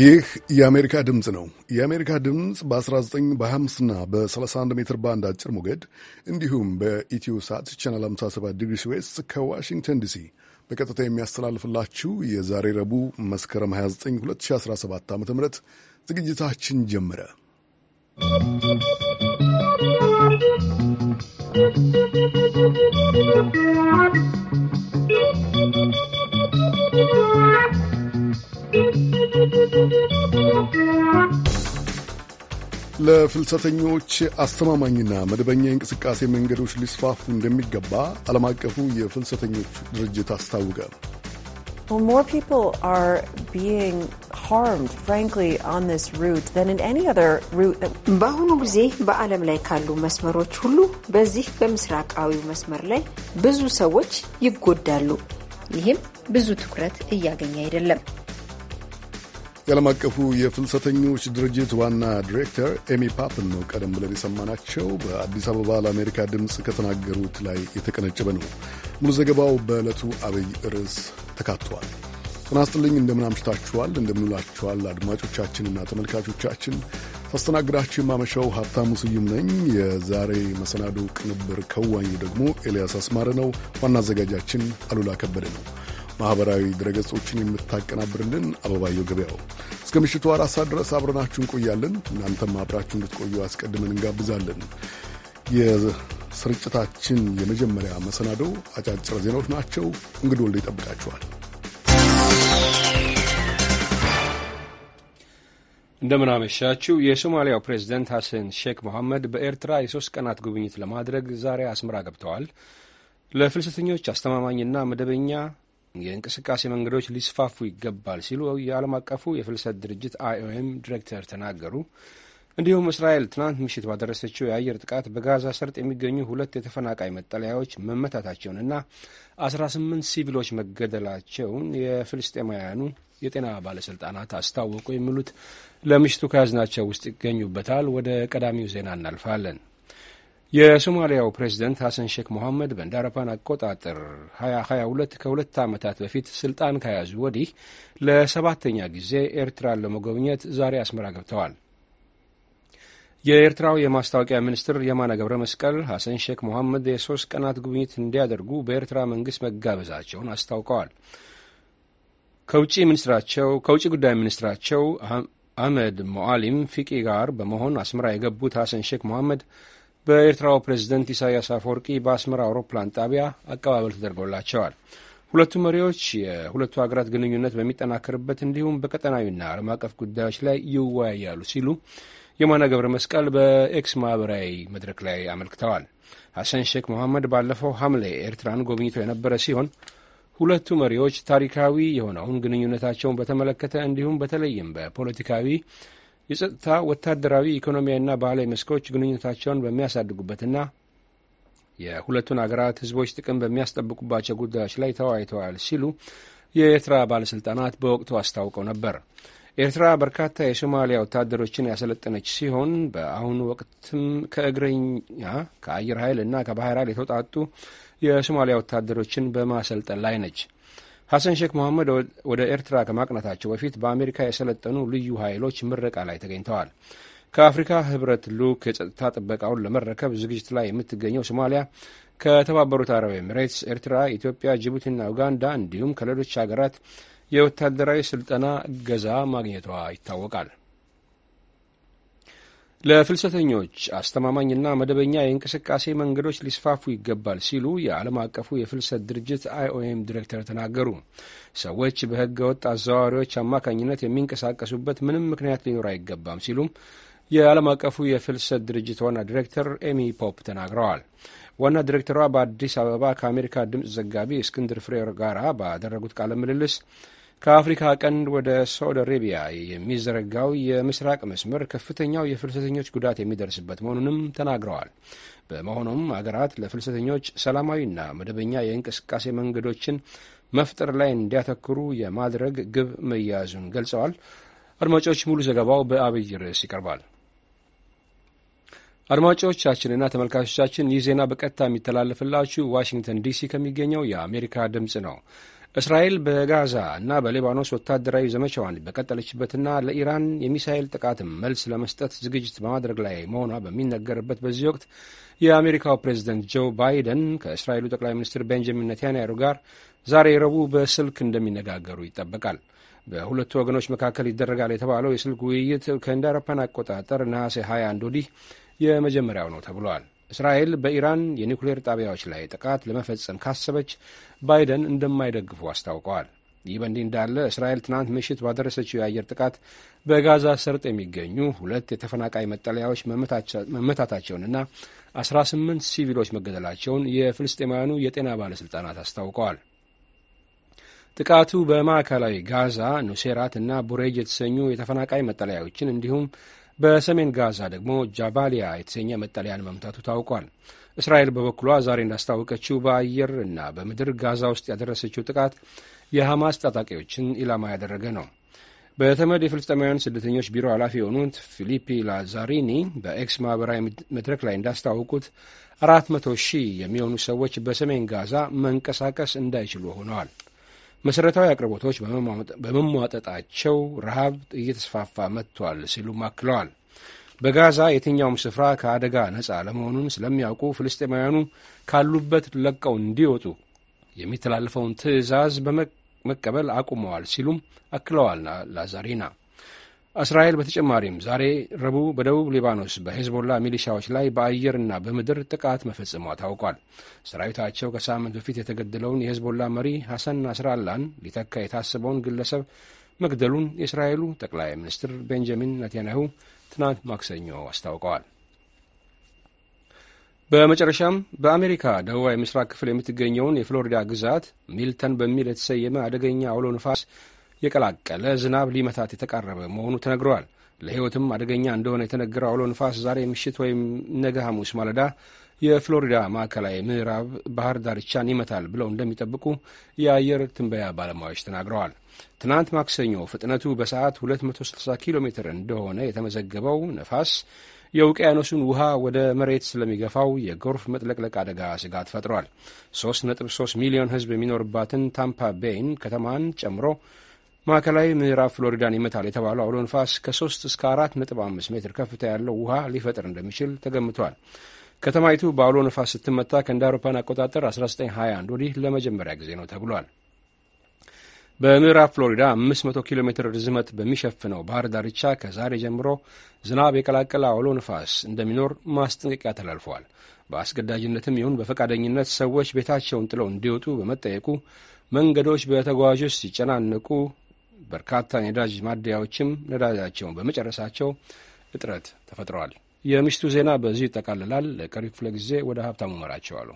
ይህ የአሜሪካ ድምፅ ነው። የአሜሪካ ድምፅ በ19 25 ና በ31 ሜትር ባንድ አጭር ሞገድ እንዲሁም በኢትዮ ሳት ቻናል 57 ዲግሪ ስዌስ ከዋሽንግተን ዲሲ በቀጥታ የሚያስተላልፍላችሁ የዛሬ ረቡዕ መስከረም 29 2017 ዓ ም ዝግጅታችን ጀመረ። ¶¶ ለፍልሰተኞች አስተማማኝና መደበኛ የእንቅስቃሴ መንገዶች ሊስፋፉ እንደሚገባ ዓለም አቀፉ የፍልሰተኞች ድርጅት አስታውቀ። በአሁኑ ጊዜ በዓለም ላይ ካሉ መስመሮች ሁሉ በዚህ በምስራቃዊው መስመር ላይ ብዙ ሰዎች ይጎዳሉ። ይህም ብዙ ትኩረት እያገኘ አይደለም። የዓለም አቀፉ የፍልሰተኞች ድርጅት ዋና ዲሬክተር ኤሚ ፓፕን ነው ቀደም ብለን የሰማናቸው። በአዲስ አበባ ለአሜሪካ ድምፅ ከተናገሩት ላይ የተቀነጨበ ነው። ሙሉ ዘገባው በዕለቱ አብይ ርዕስ ተካቷል። ጤና ይስጥልኝ፣ እንደምን አምሽታችኋል፣ እንደምንውላችኋል አድማጮቻችንና ተመልካቾቻችን ታስተናግዳችሁ የማመሻው ሀብታሙ ስዩም ነኝ። የዛሬ መሰናዶ ቅንብር ከዋኙ ደግሞ ኤልያስ አስማረ ነው። ዋና አዘጋጃችን አሉላ ከበደ ነው። ማኅበራዊ ድረገጾችን የምታቀናብርልን አበባየው ገበያው። እስከ ምሽቱ አራት ሰዓት ድረስ አብረናችሁ እንቆያለን። እናንተም አብራችሁ እንድትቆዩ አስቀድመን እንጋብዛለን። የስርጭታችን የመጀመሪያ መሰናዶ አጫጭር ዜናዎች ናቸው። እንግዲህ ወልደ ይጠብቃችኋል። እንደምናመሻችው የሶማሊያው ፕሬዚደንት ሐሰን ሼክ መሐመድ በኤርትራ የሶስት ቀናት ጉብኝት ለማድረግ ዛሬ አስመራ ገብተዋል። ለፍልሰተኞች አስተማማኝና መደበኛ የእንቅስቃሴ መንገዶች ሊስፋፉ ይገባል ሲሉ የዓለም አቀፉ የፍልሰት ድርጅት አይኦኤም ዲሬክተር ተናገሩ። እንዲሁም እስራኤል ትናንት ምሽት ባደረሰችው የአየር ጥቃት በጋዛ ሰርጥ የሚገኙ ሁለት የተፈናቃይ መጠለያዎች መመታታቸውንና 18 ሲቪሎች መገደላቸውን የፍልስጤማውያኑ የጤና ባለሥልጣናት አስታወቁ። የሚሉት ለምሽቱ ከያዝናቸው ውስጥ ይገኙበታል። ወደ ቀዳሚው ዜና እናልፋለን። የሶማሊያው ፕሬዚደንት ሐሰን ሼክ ሞሐመድ እንደ አቆጣጠር 2022 ከሁለት ዓመታት በፊት ስልጣን ከያዙ ወዲህ ለሰባተኛ ጊዜ ኤርትራን ለመጎብኘት ዛሬ አስመራ ገብተዋል። የኤርትራው የማስታወቂያ ሚኒስትር የማነ ገብረ መስቀል ሐሰን ሼክ ሞሐመድ የሶስት ቀናት ጉብኝት እንዲያደርጉ በኤርትራ መንግስት መጋበዛቸውን አስታውቀዋል። ከውጭ ሚኒስትራቸው ከውጭ ጉዳይ ሚኒስትራቸው አህመድ ሞአሊም ፊቂ ጋር በመሆን አስመራ የገቡት ሐሰን ሼክ ሞሐመድ በኤርትራው ፕሬዝደንት ኢሳያስ አፈወርቂ በአስመራ አውሮፕላን ጣቢያ አቀባበል ተደርጎላቸዋል። ሁለቱ መሪዎች የሁለቱ ሀገራት ግንኙነት በሚጠናከርበት እንዲሁም በቀጠናዊና ዓለም አቀፍ ጉዳዮች ላይ ይወያያሉ ሲሉ የማነ ገብረ መስቀል በኤክስ ማህበራዊ መድረክ ላይ አመልክተዋል። ሐሰን ሼክ መሐመድ ባለፈው ሐምሌ ኤርትራን ጎብኝቶ የነበረ ሲሆን ሁለቱ መሪዎች ታሪካዊ የሆነውን ግንኙነታቸውን በተመለከተ እንዲሁም በተለይም በፖለቲካዊ የጸጥታ ወታደራዊ፣ ኢኮኖሚያዊና ባህላዊ መስኮች ግንኙነታቸውን በሚያሳድጉበትና የሁለቱን አገራት ህዝቦች ጥቅም በሚያስጠብቁባቸው ጉዳዮች ላይ ተወያይተዋል ሲሉ የኤርትራ ባለሥልጣናት በወቅቱ አስታውቀው ነበር። ኤርትራ በርካታ የሶማሊያ ወታደሮችን ያሰለጠነች ሲሆን በአሁኑ ወቅትም ከእግረኛ ከአየር ኃይል እና ከባህር ኃይል የተውጣጡ የሶማሊያ ወታደሮችን በማሰልጠን ላይ ነች። ሐሰን ሼክ መሐመድ ወደ ኤርትራ ከማቅናታቸው በፊት በአሜሪካ የሰለጠኑ ልዩ ኃይሎች ምረቃ ላይ ተገኝተዋል። ከአፍሪካ ህብረት ልዑክ የጸጥታ ጥበቃውን ለመረከብ ዝግጅት ላይ የምትገኘው ሶማሊያ ከተባበሩት አረብ ኤምሬትስ፣ ኤርትራ፣ ኢትዮጵያ፣ ጅቡቲና ኡጋንዳ እንዲሁም ከሌሎች ሀገራት የወታደራዊ ስልጠና እገዛ ማግኘቷ ይታወቃል። ለፍልሰተኞች አስተማማኝና መደበኛ የእንቅስቃሴ መንገዶች ሊስፋፉ ይገባል ሲሉ የዓለም አቀፉ የፍልሰት ድርጅት አይኦኤም ዲሬክተር ተናገሩ። ሰዎች በሕገ ወጥ አዘዋዋሪዎች አማካኝነት የሚንቀሳቀሱበት ምንም ምክንያት ሊኖር አይገባም ሲሉም የዓለም አቀፉ የፍልሰት ድርጅት ዋና ዲሬክተር ኤሚ ፖፕ ተናግረዋል። ዋና ዲሬክተሯ በአዲስ አበባ ከአሜሪካ ድምፅ ዘጋቢ እስክንድር ፍሬር ጋራ ባደረጉት ቃለ ምልልስ ከአፍሪካ ቀንድ ወደ ሳውዲ አሬቢያ የሚዘረጋው የምስራቅ መስመር ከፍተኛው የፍልሰተኞች ጉዳት የሚደርስበት መሆኑንም ተናግረዋል። በመሆኑም አገራት ለፍልሰተኞች ሰላማዊና መደበኛ የእንቅስቃሴ መንገዶችን መፍጠር ላይ እንዲያተኩሩ የማድረግ ግብ መያዙን ገልጸዋል። አድማጮች፣ ሙሉ ዘገባው በአብይ ርዕስ ይቀርባል። አድማጮቻችንና ተመልካቾቻችን ይህ ዜና በቀጥታ የሚተላለፍላችሁ ዋሽንግተን ዲሲ ከሚገኘው የአሜሪካ ድምፅ ነው። እስራኤል በጋዛ እና በሊባኖስ ወታደራዊ ዘመቻዋን በቀጠለችበትና ለኢራን የሚሳኤል ጥቃትም መልስ ለመስጠት ዝግጅት በማድረግ ላይ መሆኗ በሚነገርበት በዚህ ወቅት የአሜሪካው ፕሬዝደንት ጆ ባይደን ከእስራኤሉ ጠቅላይ ሚኒስትር ቤንጃሚን ኔታንያሁ ጋር ዛሬ ረቡዕ በስልክ እንደሚነጋገሩ ይጠበቃል። በሁለቱ ወገኖች መካከል ይደረጋል የተባለው የስልክ ውይይት ከእንደ አውሮፓውያን አቆጣጠር ነሐሴ 21 ወዲህ የመጀመሪያው ነው ተብሏል። እስራኤል በኢራን የኒውክሌር ጣቢያዎች ላይ ጥቃት ለመፈጸም ካሰበች ባይደን እንደማይደግፉ አስታውቀዋል። ይህ በእንዲህ እንዳለ እስራኤል ትናንት ምሽት ባደረሰችው የአየር ጥቃት በጋዛ ሰርጥ የሚገኙ ሁለት የተፈናቃይ መጠለያዎች መመታታቸውንና 18 ሲቪሎች መገደላቸውን የፍልስጤማውያኑ የጤና ባለሥልጣናት አስታውቀዋል። ጥቃቱ በማዕከላዊ ጋዛ ኑሴራት እና ቡሬጅ የተሰኙ የተፈናቃይ መጠለያዎችን እንዲሁም በሰሜን ጋዛ ደግሞ ጃባሊያ የተሰኘ መጠለያን መምታቱ ታውቋል። እስራኤል በበኩሏ ዛሬ እንዳስታወቀችው በአየር እና በምድር ጋዛ ውስጥ ያደረሰችው ጥቃት የሐማስ ታጣቂዎችን ኢላማ ያደረገ ነው። በተመድ የፍልስጤማውያን ስደተኞች ቢሮ ኃላፊ የሆኑት ፊሊፒ ላዛሪኒ በኤክስ ማኅበራዊ መድረክ ላይ እንዳስታወቁት አራት መቶ ሺህ የሚሆኑ ሰዎች በሰሜን ጋዛ መንቀሳቀስ እንዳይችሉ ሆነዋል። መሠረታዊ አቅርቦቶች በመሟጠጣቸው ረሃብ እየተስፋፋ መጥቷል ሲሉም አክለዋል። በጋዛ የትኛውም ስፍራ ከአደጋ ነጻ ለመሆኑን ስለሚያውቁ ፍልስጤማውያኑ ካሉበት ለቀው እንዲወጡ የሚተላለፈውን ትዕዛዝ በመቀበል አቁመዋል ሲሉም አክለዋል ላዛሪና እስራኤል በተጨማሪም ዛሬ ረቡዕ በደቡብ ሊባኖስ በሄዝቦላ ሚሊሻዎች ላይ በአየርና በምድር ጥቃት መፈጸሟ ታውቋል። ሰራዊታቸው ከሳምንት በፊት የተገደለውን የሄዝቦላ መሪ ሐሰን ናስራላን ሊተካ የታሰበውን ግለሰብ መግደሉን የእስራኤሉ ጠቅላይ ሚኒስትር ቤንጃሚን ነቴንያሁ ትናንት ማክሰኞ አስታውቀዋል። በመጨረሻም በአሜሪካ ደቡባዊ ምስራቅ ክፍል የምትገኘውን የፍሎሪዳ ግዛት ሚልተን በሚል የተሰየመ አደገኛ አውሎ ንፋስ የቀላቀለ ዝናብ ሊመታት የተቃረበ መሆኑ ተነግረዋል። ለሕይወትም አደገኛ እንደሆነ የተነገረው አውሎ ንፋስ ዛሬ ምሽት ወይም ነገ ሐሙስ ማለዳ የፍሎሪዳ ማዕከላዊ ምዕራብ ባህር ዳርቻን ይመታል ብለው እንደሚጠብቁ የአየር ትንበያ ባለሙያዎች ተናግረዋል። ትናንት ማክሰኞ ፍጥነቱ በሰዓት 260 ኪሎ ሜትር እንደሆነ የተመዘገበው ነፋስ የውቅያኖሱን ውሃ ወደ መሬት ስለሚገፋው የጎርፍ መጥለቅለቅ አደጋ ስጋት ፈጥሯል። 3.3 ሚሊዮን ሕዝብ የሚኖርባትን ታምፓ ቤይን ከተማን ጨምሮ ማዕከላዊ ምዕራብ ፍሎሪዳን ይመታል የተባለው አውሎ ንፋስ ከ3 እስከ 5 ሜትር ከፍታ ያለው ውሃ ሊፈጥር እንደሚችል ተገምቷል። ከተማይቱ በአውሎ ንፋስ ስትመታ ከእንደ አውሮፓን አቆጣጠር 1921 ወዲህ ለመጀመሪያ ጊዜ ነው ተብሏል። በምዕራብ ፍሎሪዳ 500 ኪሎ ሜትር ርዝመት በሚሸፍነው ባህር ዳርቻ ከዛሬ ጀምሮ ዝናብ የቀላቀለ አውሎ ንፋስ እንደሚኖር ማስጠንቀቂያ ተላልፏል። በአስገዳጅነትም ይሁን በፈቃደኝነት ሰዎች ቤታቸውን ጥለው እንዲወጡ በመጠየቁ መንገዶች በተጓዦች ሲጨናነቁ በርካታ የነዳጅ ማደያዎችም ነዳጃቸውን በመጨረሳቸው እጥረት ተፈጥረዋል። የምሽቱ ዜና በዚህ ይጠቃልላል። ለቀሪ ክፍለ ጊዜ ወደ ሀብታሙ አሉ።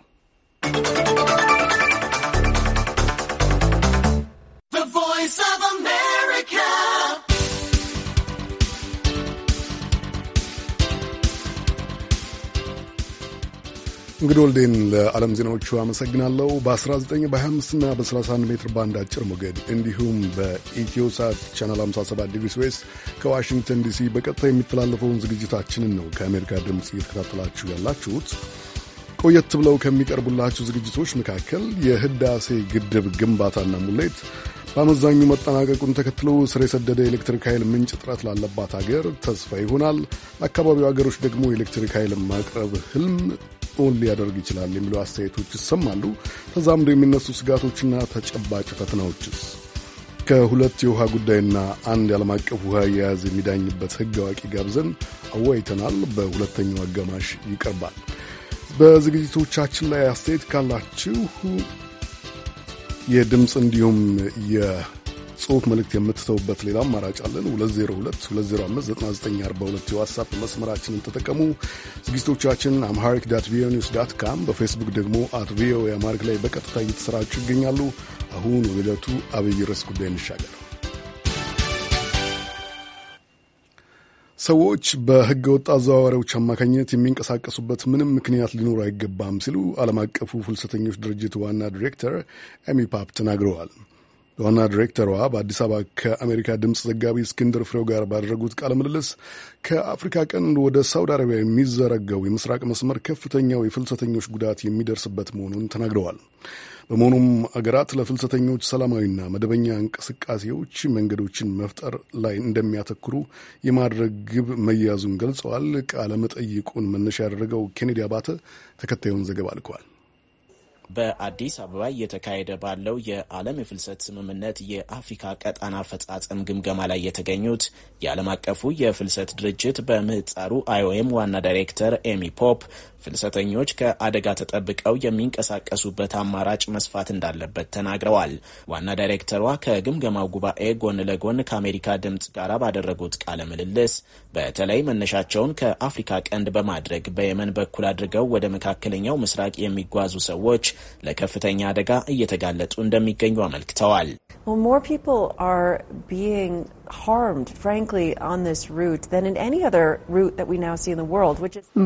እንግዲህ ወልዴን ለዓለም ዜናዎቹ አመሰግናለሁ። በ19 በ25ና በ31 ሜትር ባንድ አጭር ሞገድ እንዲሁም ሳት ቻናል 57 ዲግሪ ስዌስ ከዋሽንግተን ዲሲ በቀጥታ የሚተላለፈውን ዝግጅታችንን ነው ከአሜሪካ ድምፅ እየተከታተላችሁ ያላችሁት። ቆየት ብለው ከሚቀርቡላችሁ ዝግጅቶች መካከል የህዳሴ ግድብ ግንባታና ሙሌት በአመዛኙ መጠናቀቁን ተከትሎ ስር የሰደደ የኤሌክትሪክ ኃይል ምንጭ እጥረት ላለባት አገር ተስፋ ይሆናል። ለአካባቢው አገሮች ደግሞ የኤሌክትሪክ ኃይል ማቅረብ ህልም እውን ሊያደርግ ይችላል የሚሉ አስተያየቶች ይሰማሉ። ተዛምዶ የሚነሱ ስጋቶችና ተጨባጭ ፈተናዎችስ? ከሁለት የውሃ ጉዳይና አንድ የዓለም አቀፍ ውሃ አያያዝ የሚዳኝበት ሕግ አዋቂ ጋብዘን አወያይተናል። በሁለተኛው አጋማሽ ይቀርባል። በዝግጅቶቻችን ላይ አስተያየት ካላችሁ የድምፅ እንዲሁም ጽሑፍ መልእክት የምትተውበት ሌላ አማራጭ አለን። 2022059942 የዋትሳፕ መስመራችንን ተጠቀሙ። ዝግጅቶቻችን አምሃሪክ ዳት ቪኦኤ ኒውስ ዳት ካም፣ በፌስቡክ ደግሞ አት ቪኦኤ አማሪክ ላይ በቀጥታ እየተሰራጩ ይገኛሉ። አሁን ወደ ዕለቱ አብይ ርዕስ ጉዳይ እንሻገር። ሰዎች በሕገ ወጥ አዘዋዋሪዎች አማካኝነት የሚንቀሳቀሱበት ምንም ምክንያት ሊኖር አይገባም ሲሉ ዓለም አቀፉ ፍልሰተኞች ድርጅት ዋና ዲሬክተር ኤሚ ፓፕ ተናግረዋል። ዋና ዲሬክተሯ በአዲስ አበባ ከአሜሪካ ድምፅ ዘጋቢ እስክንድር ፍሬው ጋር ባደረጉት ቃለ ምልልስ ከአፍሪካ ቀንድ ወደ ሳውዲ አረቢያ የሚዘረጋው የምስራቅ መስመር ከፍተኛው የፍልሰተኞች ጉዳት የሚደርስበት መሆኑን ተናግረዋል። በመሆኑም አገራት ለፍልሰተኞች ሰላማዊና መደበኛ እንቅስቃሴዎች መንገዶችን መፍጠር ላይ እንደሚያተኩሩ የማድረግ ግብ መያዙን ገልጸዋል። ቃለ መጠይቁን መነሻ ያደረገው ኬኔዲ አባተ ተከታዩን ዘገባ ልከዋል። በአዲስ አበባ እየተካሄደ ባለው የዓለም የፍልሰት ስምምነት የአፍሪካ ቀጣና አፈጻጸም ግምገማ ላይ የተገኙት የዓለም አቀፉ የፍልሰት ድርጅት በምህጻሩ አይኦኤም ዋና ዳይሬክተር ኤሚ ፖፕ ፍልሰተኞች ከአደጋ ተጠብቀው የሚንቀሳቀሱበት አማራጭ መስፋት እንዳለበት ተናግረዋል። ዋና ዳይሬክተሯ ከግምገማው ጉባኤ ጎን ለጎን ከአሜሪካ ድምፅ ጋር ባደረጉት ቃለ ምልልስ በተለይ መነሻቸውን ከአፍሪካ ቀንድ በማድረግ በየመን በኩል አድርገው ወደ መካከለኛው ምስራቅ የሚጓዙ ሰዎች ለከፍተኛ አደጋ እየተጋለጡ እንደሚገኙ አመልክተዋል።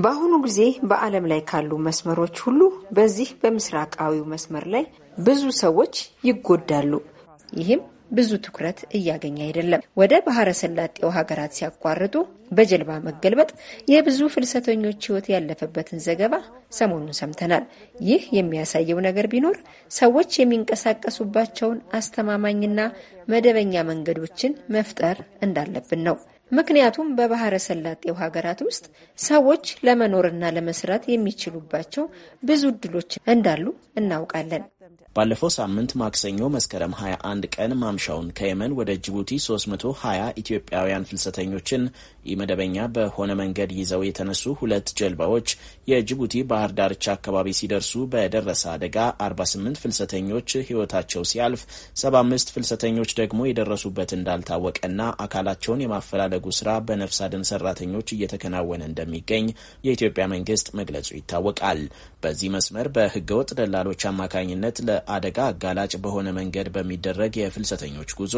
በአሁኑ ጊዜ በዓለም ላይ ካሉ መስመሮች ሁሉ በዚህ በምስራቃዊው መስመር ላይ ብዙ ሰዎች ይጎዳሉ። ይህም ብዙ ትኩረት እያገኘ አይደለም። ወደ ባህረ ሰላጤው ሀገራት ሲያቋርጡ በጀልባ መገልበጥ የብዙ ፍልሰተኞች ሕይወት ያለፈበትን ዘገባ ሰሞኑን ሰምተናል። ይህ የሚያሳየው ነገር ቢኖር ሰዎች የሚንቀሳቀሱባቸውን አስተማማኝና መደበኛ መንገዶችን መፍጠር እንዳለብን ነው። ምክንያቱም በባህረ ሰላጤው ሀገራት ውስጥ ሰዎች ለመኖርና ለመስራት የሚችሉባቸው ብዙ እድሎች እንዳሉ እናውቃለን። ባለፈው ሳምንት ማክሰኞ መስከረም 21 ቀን ማምሻውን ከየመን ወደ ጅቡቲ 320 ኢትዮጵያውያን ፍልሰተኞችን ኢመደበኛ በሆነ መንገድ ይዘው የተነሱ ሁለት ጀልባዎች የጅቡቲ ባህር ዳርቻ አካባቢ ሲደርሱ በደረሰ አደጋ 48 ፍልሰተኞች ሕይወታቸው ሲያልፍ 75 ፍልሰተኞች ደግሞ የደረሱበት እንዳልታወቀና አካላቸውን የማፈላለጉ ስራ በነፍስ አድን ሰራተኞች እየተከናወነ እንደሚገኝ የኢትዮጵያ መንግስት መግለጹ ይታወቃል። በዚህ መስመር በህገወጥ ደላሎች አማካኝነት ለ ለአደጋ አጋላጭ በሆነ መንገድ በሚደረግ የፍልሰተኞች ጉዞ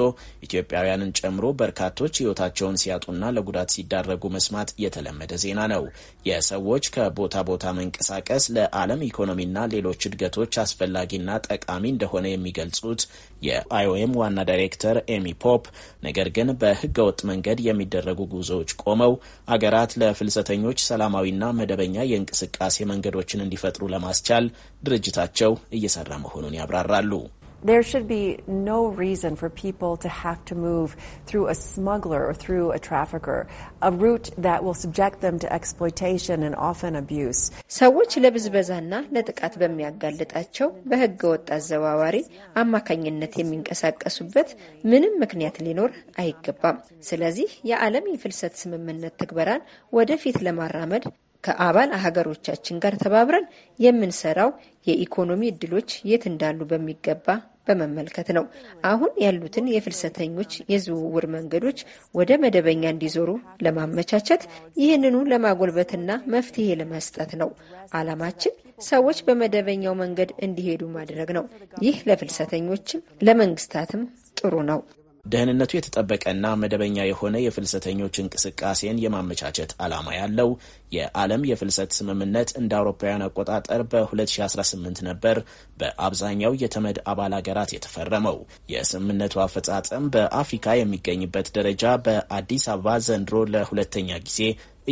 ኢትዮጵያውያንን ጨምሮ በርካቶች ሕይወታቸውን ሲያጡና ለጉዳት ሲዳረጉ መስማት የተለመደ ዜና ነው። የሰዎች ከቦታ ቦታ መንቀሳቀስ ለዓለም ኢኮኖሚና ሌሎች እድገቶች አስፈላጊና ጠቃሚ እንደሆነ የሚገልጹት የአይኦኤም ዋና ዳይሬክተር ኤሚ ፖፕ ነገር ግን በህገወጥ መንገድ የሚደረጉ ጉዞዎች ቆመው አገራት ለፍልሰተኞች ሰላማዊና መደበኛ የእንቅስቃሴ መንገዶችን እንዲፈጥሩ ለማስቻል ድርጅታቸው እየሰራ መሆኑን ያብራራሉ። There should be no reason for people to have to move through a smuggler or through a trafficker, a route that will subject them to exploitation and often abuse. ሰዎች ለብዝበዛና ለጥቃት በሚያጋልጣቸው በሕገ ወጥ አዘዋዋሪ አማካኝነት የሚንቀሳቀሱበት ምንም ምክንያት ሊኖር አይገባም። ስለዚህ የዓለም የፍልሰት ስምምነት ትግበራን ወደፊት ለማራመድ ከአባል ሀገሮቻችን ጋር ተባብረን የምንሰራው የኢኮኖሚ እድሎች የት እንዳሉ በሚገባ በመመልከት ነው። አሁን ያሉትን የፍልሰተኞች የዝውውር መንገዶች ወደ መደበኛ እንዲዞሩ ለማመቻቸት ይህንኑ ለማጎልበትና መፍትሄ ለመስጠት ነው አላማችን ሰዎች በመደበኛው መንገድ እንዲሄዱ ማድረግ ነው። ይህ ለፍልሰተኞችም ለመንግስታትም ጥሩ ነው። ደህንነቱ የተጠበቀና መደበኛ የሆነ የፍልሰተኞች እንቅስቃሴን የማመቻቸት ዓላማ ያለው የዓለም የፍልሰት ስምምነት እንደ አውሮፓውያን አቆጣጠር በ2018 ነበር በአብዛኛው የተመድ አባል ሀገራት የተፈረመው። የስምምነቱ አፈጻጸም በአፍሪካ የሚገኝበት ደረጃ በአዲስ አበባ ዘንድሮ ለሁለተኛ ጊዜ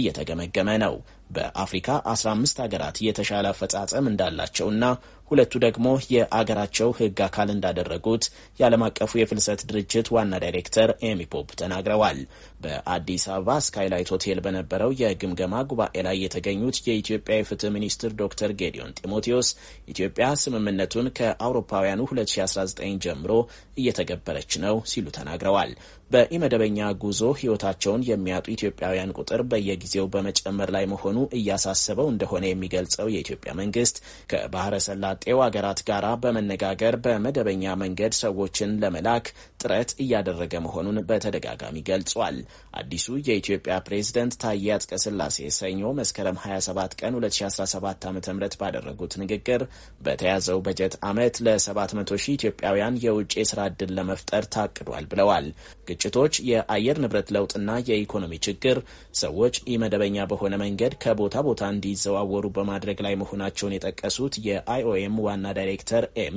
እየተገመገመ ነው። በአፍሪካ 15 ሀገራት የተሻለ አፈጻጸም እንዳላቸውና ሁለቱ ደግሞ የአገራቸው ሕግ አካል እንዳደረጉት የዓለም አቀፉ የፍልሰት ድርጅት ዋና ዳይሬክተር ኤሚ ፖፕ ተናግረዋል። በአዲስ አበባ ስካይላይት ሆቴል በነበረው የግምገማ ጉባኤ ላይ የተገኙት የኢትዮጵያ የፍትህ ሚኒስትር ዶክተር ጌዲዮን ጢሞቴዎስ ኢትዮጵያ ስምምነቱን ከአውሮፓውያኑ 2019 ጀምሮ እየተገበረች ነው ሲሉ ተናግረዋል። በኢመደበኛ ጉዞ ህይወታቸውን የሚያጡ ኢትዮጵያውያን ቁጥር በየጊዜው በመጨመር ላይ መሆኑ እያሳሰበው እንደሆነ የሚገልጸው የኢትዮጵያ መንግስት ከባህረ ሰላጤው አገራት ጋራ በመነጋገር በመደበኛ መንገድ ሰዎችን ለመላክ ጥረት እያደረገ መሆኑን በተደጋጋሚ ገልጿል። አዲሱ የኢትዮጵያ ፕሬዝደንት ታዬ አጽቀሥላሴ ሰኞ መስከረም 27 ቀን 2017 ዓ ም ባደረጉት ንግግር በተያዘው በጀት ዓመት ለ700 ሺህ ኢትዮጵያውያን የውጭ የስራ ዕድል ለመፍጠር ታቅዷል ብለዋል። ግጭቶች፣ የአየር ንብረት ለውጥና የኢኮኖሚ ችግር ሰዎች ኢመደበኛ በሆነ መንገድ ከቦታ ቦታ እንዲዘዋወሩ በማድረግ ላይ መሆናቸውን የጠቀሱት የአይኦኤም ዋና ዳይሬክተር ኤሚ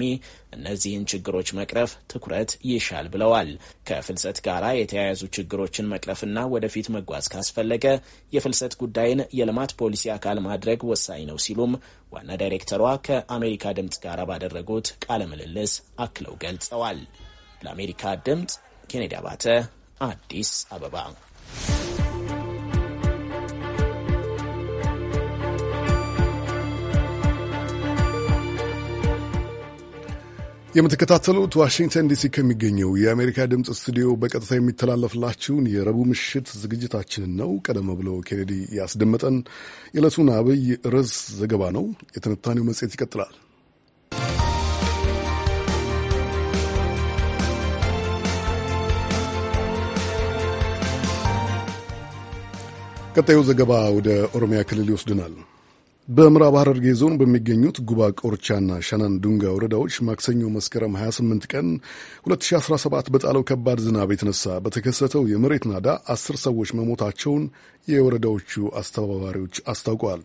እነዚህን ችግሮች መቅረፍ ትኩረት ይሻል ብለዋል። ከፍልሰት ጋር የተያያዙ ችግሮችን መቅረፍና ወደፊት መጓዝ ካስፈለገ የፍልሰት ጉዳይን የልማት ፖሊሲ አካል ማድረግ ወሳኝ ነው ሲሉም ዋና ዳይሬክተሯ ከአሜሪካ ድምፅ ጋር ባደረጉት ቃለ ምልልስ አክለው ገልጸዋል። ለአሜሪካ ድምፅ ኬኔዲ አባተ አዲስ አበባ የምትከታተሉት ዋሽንግተን ዲሲ ከሚገኘው የአሜሪካ ድምፅ ስቱዲዮ በቀጥታ የሚተላለፍላችሁን የረቡዕ ምሽት ዝግጅታችንን ነው። ቀደም ብሎ ኬኔዲ ያስደመጠን የዕለቱን አብይ ርዕስ ዘገባ ነው። የትንታኔው መጽሔት ይቀጥላል። ቀጣዩ ዘገባ ወደ ኦሮሚያ ክልል ይወስድናል። በምዕራብ ሐረርጌ ዞን በሚገኙት ጉባ ቆርቻና ሻናን ዱንጋ ወረዳዎች ማክሰኞ መስከረም 28 ቀን 2017 በጣለው ከባድ ዝናብ የተነሳ በተከሰተው የመሬት ናዳ አስር ሰዎች መሞታቸውን የወረዳዎቹ አስተባባሪዎች አስታውቀዋል።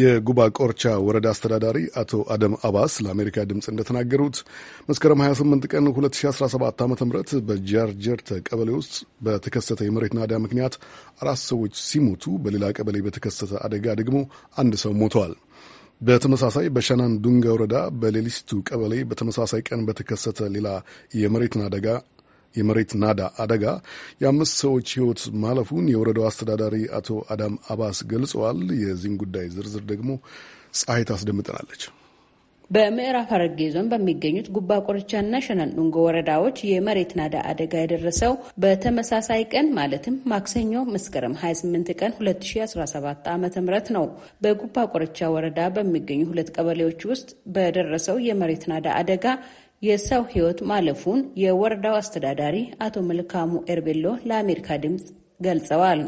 የጉባ ቆርቻ ወረዳ አስተዳዳሪ አቶ አደም አባስ ለአሜሪካ ድምፅ እንደተናገሩት መስከረም 28 ቀን 2017 ዓ ም በጃርጀርተ ቀበሌ ውስጥ በተከሰተ የመሬት ናዳ ምክንያት አራት ሰዎች ሲሞቱ በሌላ ቀበሌ በተከሰተ አደጋ ደግሞ አንድ ሰው ሞተዋል። በተመሳሳይ በሸናን ዱንጋ ወረዳ በሌሊስቱ ቀበሌ በተመሳሳይ ቀን በተከሰተ ሌላ የመሬት አደጋ የመሬት ናዳ አደጋ የአምስት ሰዎች ሕይወት ማለፉን የወረዳው አስተዳዳሪ አቶ አዳም አባስ ገልጸዋል። የዚህን ጉዳይ ዝርዝር ደግሞ ፀሐይ ታስደምጠናለች። በምዕራብ ሐረርጌ ዞን በሚገኙት ጉባ ቆርቻ ሸነን ዱንጎ ወረዳዎች የመሬት ናዳ አደጋ የደረሰው በተመሳሳይ ቀን ማለትም ማክሰኞ መስከረም 28 ቀን 2017 ዓ ም ነው። በጉባ ቆርቻ ወረዳ በሚገኙ ሁለት ቀበሌዎች ውስጥ በደረሰው የመሬት ናዳ አደጋ የሰው ህይወት ማለፉን የወረዳው አስተዳዳሪ አቶ መልካሙ ኤርቤሎ ለአሜሪካ ድምፅ ገልጸዋል።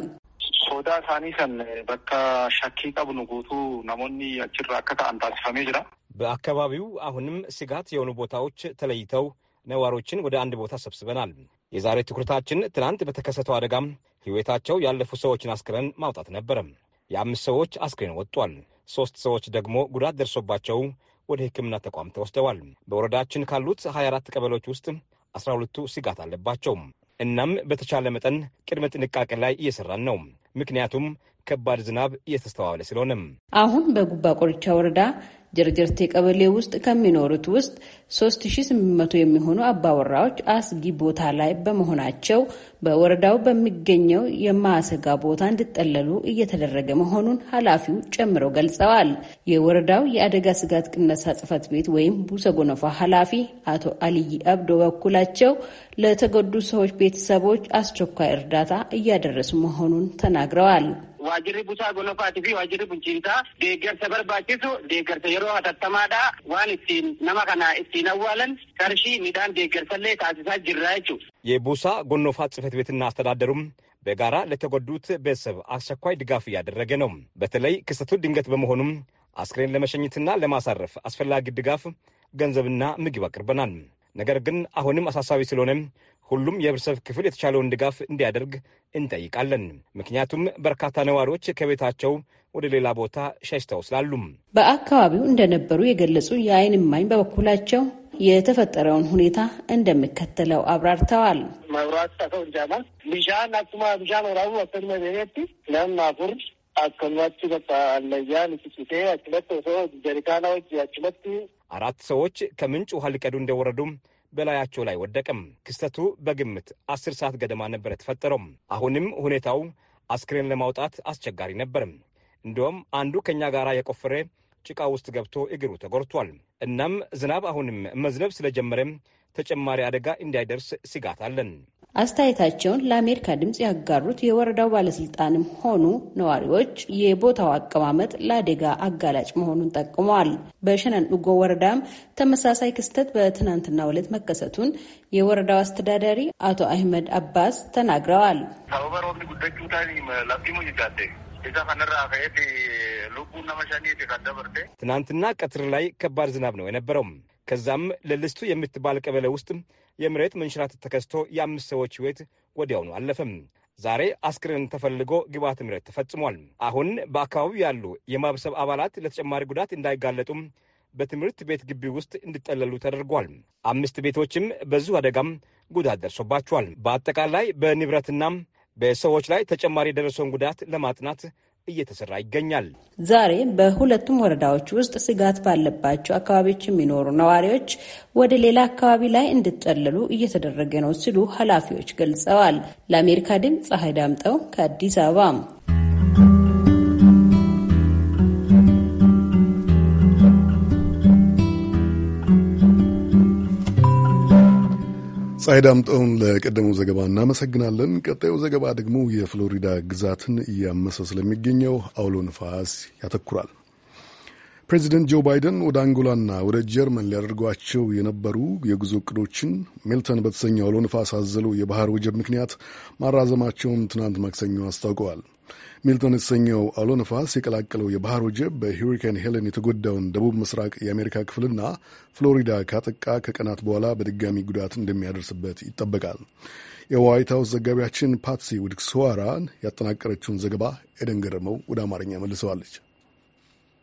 ሶዳ ሳኒ ሰን በካ ሸኪ ቀብኑ ጉቱ ናሞኒ አችራ አከታ አንታስፈሜ ጅራ በአካባቢው አሁንም ስጋት የሆኑ ቦታዎች ተለይተው ነዋሪዎችን ወደ አንድ ቦታ ሰብስበናል። የዛሬ ትኩረታችን ትናንት በተከሰተው አደጋም ህይወታቸው ያለፉ ሰዎችን አስክረን ማውጣት ነበረ። የአምስት ሰዎች አስክሬን ወጥቷል። ሶስት ሰዎች ደግሞ ጉዳት ደርሶባቸው ወደ ሕክምና ተቋም ተወስደዋል። በወረዳችን ካሉት 24 ቀበሌዎች ውስጥ 12ቱ ስጋት አለባቸው። እናም በተቻለ መጠን ቅድመ ጥንቃቄ ላይ እየሰራን ነው። ምክንያቱም ከባድ ዝናብ እየተስተዋለ ስለሆነም አሁን በጉባ ቆርቻ ወረዳ ጀርጀርቴ ቀበሌ ውስጥ ከሚኖሩት ውስጥ 3800 የሚሆኑ አባወራዎች አስጊ ቦታ ላይ በመሆናቸው በወረዳው በሚገኘው የማሰጋ ቦታ እንዲጠለሉ እየተደረገ መሆኑን ኃላፊው ጨምረው ገልጸዋል። የወረዳው የአደጋ ስጋት ቅነሳ ጽፈት ቤት ወይም ቡሰጎነፋ ኃላፊ አቶ አልይ አብዶ በኩላቸው ለተጎዱ ሰዎች ቤተሰቦች አስቸኳይ እርዳታ እያደረሱ መሆኑን ተናግረዋል። waajirri busaa gonofaatii fi waajirri bulchiinsaa deeggarsa barbaachisu deeggarsa yeroo hatattamaadhaa waan ittiin nama kana ittiin awwaalan qarshii midhaan deeggarsallee taasisaa jirra jechuudha። የቡሳ ጎኖፋ ጽህፈት ቤትና አስተዳደሩም በጋራ ለተጎዱት ቤተሰብ አስቸኳይ ድጋፍ እያደረገ ነው። በተለይ ክስተቱ ድንገት በመሆኑም አስክሬን ለመሸኘትና ለማሳረፍ አስፈላጊ ድጋፍ ገንዘብና ምግብ አቅርበናል። ነገር ግን አሁንም አሳሳቢ ስለሆነ ሁሉም የህብረተሰብ ክፍል የተቻለውን ድጋፍ እንዲያደርግ እንጠይቃለን። ምክንያቱም በርካታ ነዋሪዎች ከቤታቸው ወደ ሌላ ቦታ ሸሽተው ስላሉም በአካባቢው እንደነበሩ የገለጹ የአይን እማኝ በበኩላቸው የተፈጠረውን ሁኔታ እንደሚከተለው አብራርተዋል። መብራት ጠፈው እንጃማ ሚሻ ናቱማ ሚሻ ኖራቡ አሰልመ ቤት ለምናፉር አስከኗች በቃ አለያ ንስጭቴ አችለት ሰው ጀሪካናዎች አችለት አራት ሰዎች ከምንጭ ውሃ ሊቀዱ እንደወረዱ በላያቸው ላይ ወደቀም። ክስተቱ በግምት አስር ሰዓት ገደማ ነበር የተፈጠረው። አሁንም ሁኔታው አስክሬን ለማውጣት አስቸጋሪ ነበር። እንዲሁም አንዱ ከእኛ ጋር የቆፈረ ጭቃ ውስጥ ገብቶ እግሩ ተጎርቷል። እናም ዝናብ አሁንም መዝነብ ስለጀመረ ተጨማሪ አደጋ እንዳይደርስ ስጋት አለን። አስተያየታቸውን ለአሜሪካ ድምፅ ያጋሩት የወረዳው ባለስልጣንም ሆኑ ነዋሪዎች የቦታው አቀማመጥ ለአደጋ አጋላጭ መሆኑን ጠቅመዋል። በሸነን ኡጎ ወረዳም ተመሳሳይ ክስተት በትናንትናው ዕለት መከሰቱን የወረዳው አስተዳዳሪ አቶ አህመድ አባስ ተናግረዋል። ትናንትና ቀትር ላይ ከባድ ዝናብ ነው የነበረው። ከዛም ለልስቱ የምትባል ቀበሌ ውስጥ የመሬት መንሸራተት ተከስቶ የአምስት ሰዎች ሕይወት ወዲያውኑ አለፈም። ዛሬ አስክሬን ተፈልጎ ግብዓተ መሬት ተፈጽሟል። አሁን በአካባቢው ያሉ የማህበረሰብ አባላት ለተጨማሪ ጉዳት እንዳይጋለጡም በትምህርት ቤት ግቢ ውስጥ እንዲጠለሉ ተደርጓል። አምስት ቤቶችም በዚሁ አደጋም ጉዳት ደርሶባቸዋል። በአጠቃላይ በንብረትና በሰዎች ላይ ተጨማሪ የደረሰውን ጉዳት ለማጥናት እየተሰራ ይገኛል። ዛሬ በሁለቱም ወረዳዎች ውስጥ ስጋት ባለባቸው አካባቢዎች የሚኖሩ ነዋሪዎች ወደ ሌላ አካባቢ ላይ እንዲጠለሉ እየተደረገ ነው ሲሉ ኃላፊዎች ገልጸዋል። ለአሜሪካ ድምፅ ፀሐይ ዳምጠው ከአዲስ አበባ ፀሐይ ዳምጠውን ለቀደመው ዘገባ እናመሰግናለን። ቀጣዩ ዘገባ ደግሞ የፍሎሪዳ ግዛትን እያመሰ ስለሚገኘው አውሎ ነፋስ ያተኩራል። ፕሬዚደንት ጆ ባይደን ወደ አንጎላና ወደ ጀርመን ሊያደርጓቸው የነበሩ የጉዞ እቅዶችን ሜልተን በተሰኘ አውሎ ነፋስ አዘሉ የባህር ወጀብ ምክንያት ማራዘማቸውን ትናንት ማክሰኞ አስታውቀዋል። ሚልቶን የተሰኘው አውሎ ነፋስ የቀላቀለው የባህር ወጀብ በሂሪኬን ሄለን የተጎዳውን ደቡብ ምስራቅ የአሜሪካ ክፍልና ፍሎሪዳ ካጠቃ ከቀናት በኋላ በድጋሚ ጉዳት እንደሚያደርስበት ይጠበቃል። የዋይት ሀውስ ዘጋቢያችን ፓትሲ ውድክስዋራን ያጠናቀረችውን ዘገባ ኤደን ገረመው ወደ አማርኛ መልሰዋለች።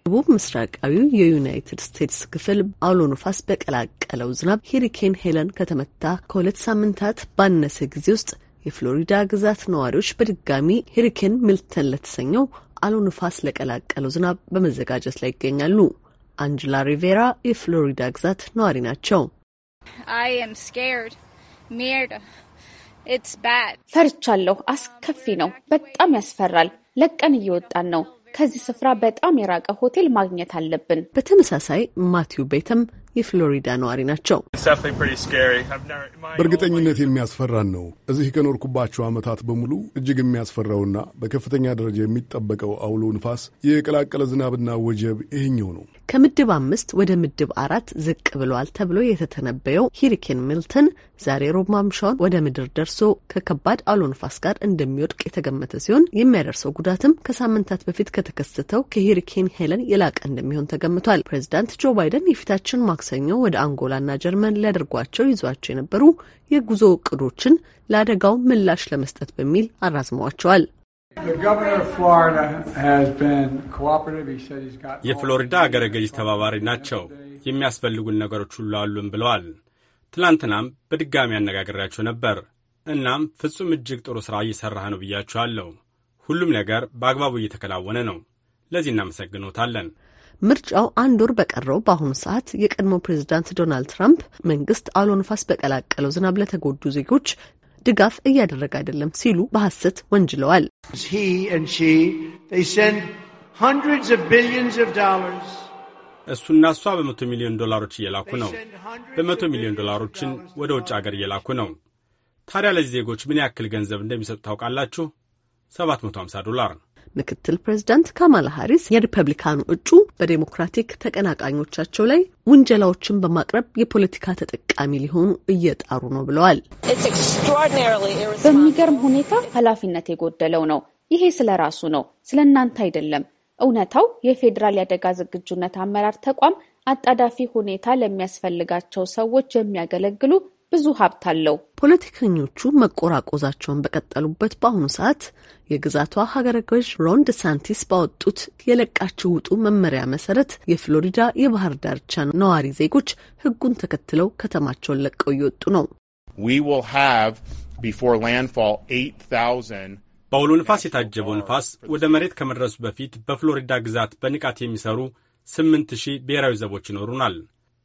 ደቡብ ምስራቃዊው የዩናይትድ ስቴትስ ክፍል አውሎ ነፋስ በቀላቀለው ዝናብ ሄሪኬን ሄለን ከተመታ ከሁለት ሳምንታት ባነሰ ጊዜ ውስጥ የፍሎሪዳ ግዛት ነዋሪዎች በድጋሚ ሄሪኬን ሚልተን ለተሰኘው አሉ ንፋስ ለቀላቀለው ዝናብ በመዘጋጀት ላይ ይገኛሉ። አንጅላ ሪቬራ የፍሎሪዳ ግዛት ነዋሪ ናቸው። ፈርቻለሁ። አስከፊ ነው። በጣም ያስፈራል። ለቀን እየወጣን ነው። ከዚህ ስፍራ በጣም የራቀ ሆቴል ማግኘት አለብን። በተመሳሳይ ማቲው ቤትም የፍሎሪዳ ነዋሪ ናቸው። በእርግጠኝነት የሚያስፈራን ነው። እዚህ ከኖርኩባቸው ዓመታት በሙሉ እጅግ የሚያስፈራውና በከፍተኛ ደረጃ የሚጠበቀው አውሎ ንፋስ፣ የቀላቀለ ዝናብና ወጀብ ይህኘው ነው። ከምድብ አምስት ወደ ምድብ አራት ዝቅ ብሏል ተብሎ የተተነበየው ሂሪኬን ሚልተን ዛሬ ሮብ ማምሻውን ወደ ምድር ደርሶ ከከባድ አውሎ ጋር እንደሚወድቅ የተገመተ ሲሆን የሚያደርሰው ጉዳትም ከሳምንታት በፊት ከተከሰተው ከሂሪኬን ሄለን የላቀ እንደሚሆን ተገምቷል። ፕሬዚዳንት ጆ ባይደን የፊታችን ማክሰኞ ወደ አንጎላና ጀርመን ሊያደርጓቸው ይዟቸው የነበሩ የጉዞ እቅዶችን ለአደጋው ምላሽ ለመስጠት በሚል አራዝመዋቸዋል። የፍሎሪዳ አገረ ገዥ ተባባሪ ናቸው። የሚያስፈልጉን ነገሮች ሁሉ አሉን ብለዋል። ትላንትናም በድጋሚ አነጋግሬያቸው ነበር። እናም ፍጹም እጅግ ጥሩ ሥራ እየሠራህ ነው ብያችኋለሁ። ሁሉም ነገር በአግባቡ እየተከናወነ ነው። ለዚህ እናመሰግኖታለን። ምርጫው አንድ ወር በቀረው በአሁኑ ሰዓት የቀድሞ ፕሬዚዳንት ዶናልድ ትራምፕ መንግስት አውሎ ንፋስ በቀላቀለው ዝናብ ለተጎዱ ዜጎች ድጋፍ እያደረገ አይደለም ሲሉ በሐሰት ወንጅለዋል። እሱና እሷ በመቶ ሚሊዮን ዶላሮች እየላኩ ነው። በመቶ ሚሊዮን ዶላሮችን ወደ ውጭ አገር እየላኩ ነው። ታዲያ ለዚህ ዜጎች ምን ያክል ገንዘብ እንደሚሰጡ ታውቃላችሁ? 750 ዶላር ነው። ምክትል ፕሬዚዳንት ካማላ ሀሪስ የሪፐብሊካኑ እጩ በዴሞክራቲክ ተቀናቃኞቻቸው ላይ ውንጀላዎችን በማቅረብ የፖለቲካ ተጠቃሚ ሊሆኑ እየጣሩ ነው ብለዋል። በሚገርም ሁኔታ ኃላፊነት የጎደለው ነው። ይሄ ስለ ራሱ ነው፣ ስለ እናንተ አይደለም። እውነታው የፌዴራል የአደጋ ዝግጁነት አመራር ተቋም አጣዳፊ ሁኔታ ለሚያስፈልጋቸው ሰዎች የሚያገለግሉ ብዙ ሀብት አለው። ፖለቲከኞቹ መቆራቆዛቸውን በቀጠሉበት በአሁኑ ሰዓት የግዛቷ ሀገረ ገዥ ሮን ደሳንቲስ ባወጡት የለቃችሁ ውጡ መመሪያ መሰረት የፍሎሪዳ የባህር ዳርቻ ነዋሪ ዜጎች ህጉን ተከትለው ከተማቸውን ለቀው እየወጡ ነው። በአውሎ ንፋስ የታጀበው ንፋስ ወደ መሬት ከመድረሱ በፊት በፍሎሪዳ ግዛት በንቃት የሚሰሩ ስምንት ሺህ ብሔራዊ ዘቦች ይኖሩናል።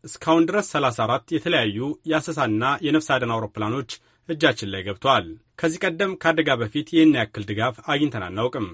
እስካሁን ድረስ 34 የተለያዩ የአሰሳና የነፍስ አደን አውሮፕላኖች እጃችን ላይ ገብተዋል። ከዚህ ቀደም ከአደጋ በፊት ይህን ያክል ድጋፍ አግኝተን አናውቅም።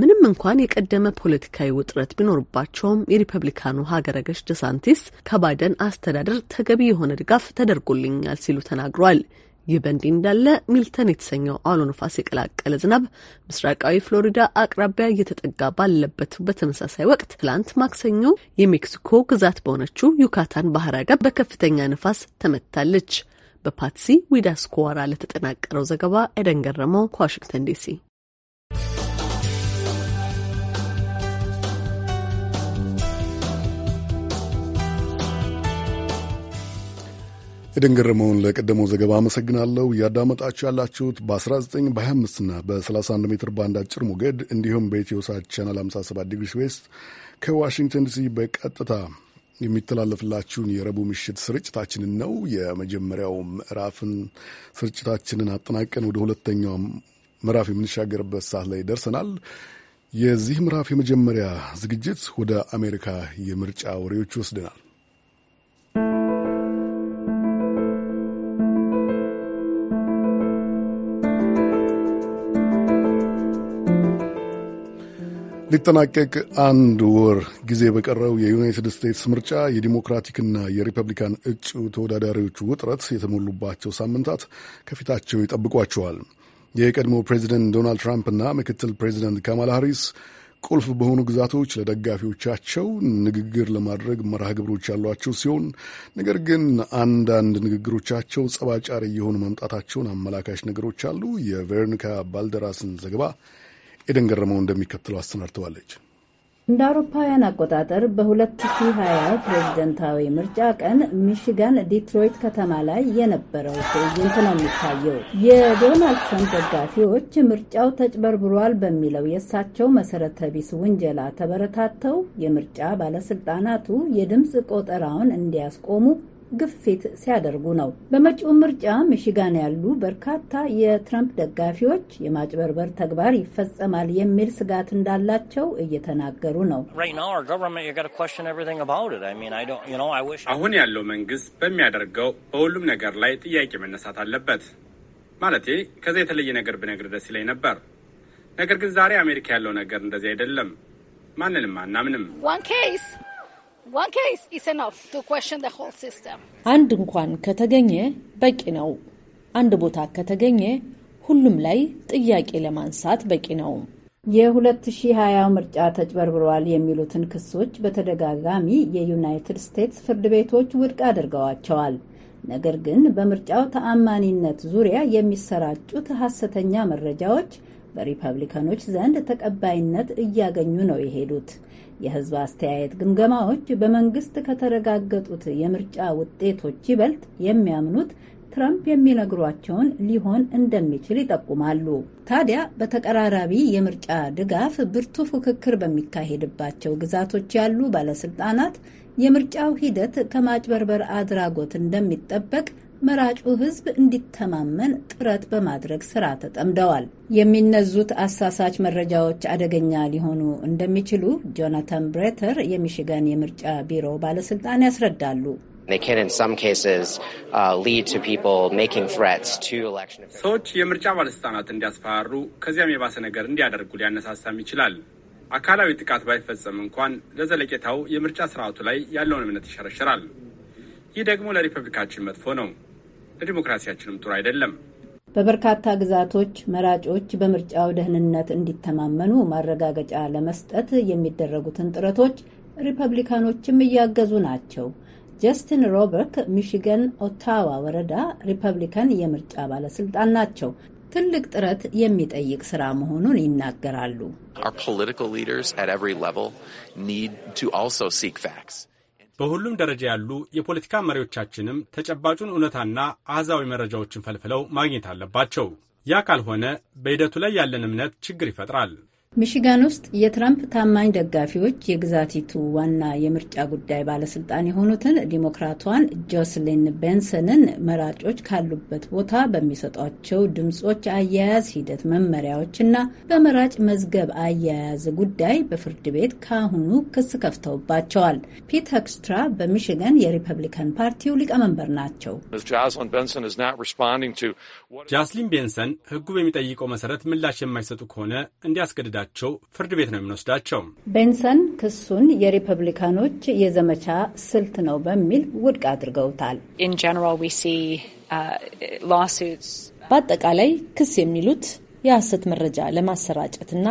ምንም እንኳን የቀደመ ፖለቲካዊ ውጥረት ቢኖርባቸውም የሪፐብሊካኑ ሀገረ ገዥ ደሳንቲስ ከባይደን አስተዳደር ተገቢ የሆነ ድጋፍ ተደርጎልኛል ሲሉ ተናግሯል። ይህ በእንዲህ እንዳለ ሚልተን የተሰኘው አውሎ ነፋስ የቀላቀለ ዝናብ ምስራቃዊ ፍሎሪዳ አቅራቢያ እየተጠጋ ባለበት በተመሳሳይ ወቅት ትላንት ማክሰኞ የሜክሲኮ ግዛት በሆነችው ዩካታን ባህረ ገብ በከፍተኛ ነፋስ ተመታለች። በፓትሲ ዊዳስኮዋራ ለተጠናቀረው ዘገባ ኤደን ገረመው ከዋሽንግተን ዲሲ ኤደን ገረመውን ለቀደመው ዘገባ አመሰግናለሁ። እያዳመጣችሁ ያላችሁት በ19 በ25ና በ31 ሜትር ባንድ አጭር ሞገድ እንዲሁም በኢትዮሳት ቻናል 57 ዲግሪ ዌስት ከዋሽንግተን ዲሲ በቀጥታ የሚተላለፍላችሁን የረቡዕ ምሽት ስርጭታችንን ነው። የመጀመሪያው ምዕራፍን ስርጭታችንን አጠናቀን ወደ ሁለተኛው ምዕራፍ የምንሻገርበት ሰዓት ላይ ደርሰናል። የዚህ ምዕራፍ የመጀመሪያ ዝግጅት ወደ አሜሪካ የምርጫ ወሬዎች ይወስደናል። ሊጠናቀቅ አንድ ወር ጊዜ በቀረው የዩናይትድ ስቴትስ ምርጫ የዲሞክራቲክና የሪፐብሊካን እጩ ተወዳዳሪዎቹ ውጥረት የተሞሉባቸው ሳምንታት ከፊታቸው ይጠብቋቸዋል። የቀድሞ ፕሬዚደንት ዶናልድ ትራምፕ እና ምክትል ፕሬዚደንት ካማላ ሃሪስ ቁልፍ በሆኑ ግዛቶች ለደጋፊዎቻቸው ንግግር ለማድረግ መርሃ ግብሮች ያሏቸው ሲሆን ነገር ግን አንዳንድ ንግግሮቻቸው ጸባጫሪ የሆኑ መምጣታቸውን አመላካሽ ነገሮች አሉ። የቬሮኒካ ባልደራስን ዘገባ ኤደን ገረመው እንደሚከትለው አሰናድተዋለች። እንደ አውሮፓውያን አቆጣጠር በ2020 ፕሬዝደንታዊ ምርጫ ቀን ሚሽጋን ዲትሮይት ከተማ ላይ የነበረው ትዕይንት ነው የሚታየው። የዶናልድ ትራምፕ ደጋፊዎች ምርጫው ተጭበርብሯል በሚለው የእሳቸው መሰረተ ቢስ ውንጀላ ተበረታተው የምርጫ ባለስልጣናቱ የድምፅ ቆጠራውን እንዲያስቆሙ ግፊት ሲያደርጉ ነው። በመጪው ምርጫ ሚሽጋን ያሉ በርካታ የትራምፕ ደጋፊዎች የማጭበርበር ተግባር ይፈጸማል የሚል ስጋት እንዳላቸው እየተናገሩ ነው። አሁን ያለው መንግስት በሚያደርገው በሁሉም ነገር ላይ ጥያቄ መነሳት አለበት። ማለቴ ከዚያ የተለየ ነገር ብነግር ደስ ይለኝ ነበር። ነገር ግን ዛሬ አሜሪካ ያለው ነገር እንደዚህ አይደለም። ማንንም አናምንም። አንድ እንኳን ከተገኘ በቂ ነው። አንድ ቦታ ከተገኘ ሁሉም ላይ ጥያቄ ለማንሳት በቂ ነው። የ2020 ምርጫ ተጭበርብሯል የሚሉትን ክሶች በተደጋጋሚ የዩናይትድ ስቴትስ ፍርድ ቤቶች ውድቅ አድርገዋቸዋል። ነገር ግን በምርጫው ተአማኒነት ዙሪያ የሚሰራጩት ሐሰተኛ መረጃዎች በሪፐብሊካኖች ዘንድ ተቀባይነት እያገኙ ነው የሄዱት። የህዝብ አስተያየት ግምገማዎች በመንግስት ከተረጋገጡት የምርጫ ውጤቶች ይበልጥ የሚያምኑት ትራምፕ የሚነግሯቸውን ሊሆን እንደሚችል ይጠቁማሉ። ታዲያ በተቀራራቢ የምርጫ ድጋፍ ብርቱ ፉክክር በሚካሄድባቸው ግዛቶች ያሉ ባለስልጣናት የምርጫው ሂደት ከማጭበርበር አድራጎት እንደሚጠበቅ መራጩ ህዝብ እንዲተማመን ጥረት በማድረግ ስራ ተጠምደዋል። የሚነዙት አሳሳች መረጃዎች አደገኛ ሊሆኑ እንደሚችሉ ጆናታን ብሬተር የሚሽገን የምርጫ ቢሮ ባለስልጣን ያስረዳሉ። uh, ሰዎች የምርጫ ባለስልጣናት እንዲያስፈራሩ ከዚያም የባሰ ነገር እንዲያደርጉ ሊያነሳሳም ይችላል። አካላዊ ጥቃት ባይፈጸም እንኳን ለዘለቄታው የምርጫ ስርዓቱ ላይ ያለውን እምነት ይሸረሽራል። ይህ ደግሞ ለሪፐብሊካችን መጥፎ ነው። ለዲሞክራሲያችንም ጥሩ አይደለም። በበርካታ ግዛቶች መራጮች በምርጫው ደህንነት እንዲተማመኑ ማረጋገጫ ለመስጠት የሚደረጉትን ጥረቶች ሪፐብሊካኖችም እያገዙ ናቸው። ጀስቲን ሮበርክ ሚሽገን ኦታዋ ወረዳ ሪፐብሊካን የምርጫ ባለስልጣን ናቸው። ትልቅ ጥረት የሚጠይቅ ስራ መሆኑን ይናገራሉ። በሁሉም ደረጃ ያሉ የፖለቲካ መሪዎቻችንም ተጨባጩን እውነታና አሃዛዊ መረጃዎችን ፈልፍለው ማግኘት አለባቸው። ያ ካልሆነ በሂደቱ ላይ ያለን እምነት ችግር ይፈጥራል። ሚሽጋን ውስጥ የትራምፕ ታማኝ ደጋፊዎች የግዛቲቱ ዋና የምርጫ ጉዳይ ባለስልጣን የሆኑትን ዲሞክራቷን ጆስሊን ቤንሰንን መራጮች ካሉበት ቦታ በሚሰጧቸው ድምፆች አያያዝ ሂደት መመሪያዎችና በመራጭ መዝገብ አያያዝ ጉዳይ በፍርድ ቤት ከአሁኑ ክስ ከፍተውባቸዋል። ፒት ሄክስትራ በሚሽገን የሪፐብሊካን ፓርቲው ሊቀመንበር ናቸው። ጃስሊን ቤንሰን ሕጉ በሚጠይቀው መሰረት ምላሽ የማይሰጡ ከሆነ እንዲያስገድዳል ካላቸው ፍርድ ቤት ነው የምንወስዳቸው። ቤንሰን ክሱን የሪፐብሊካኖች የዘመቻ ስልት ነው በሚል ውድቅ አድርገውታል። uh, በአጠቃላይ ክስ የሚሉት የሐሰት መረጃ ለማሰራጨትና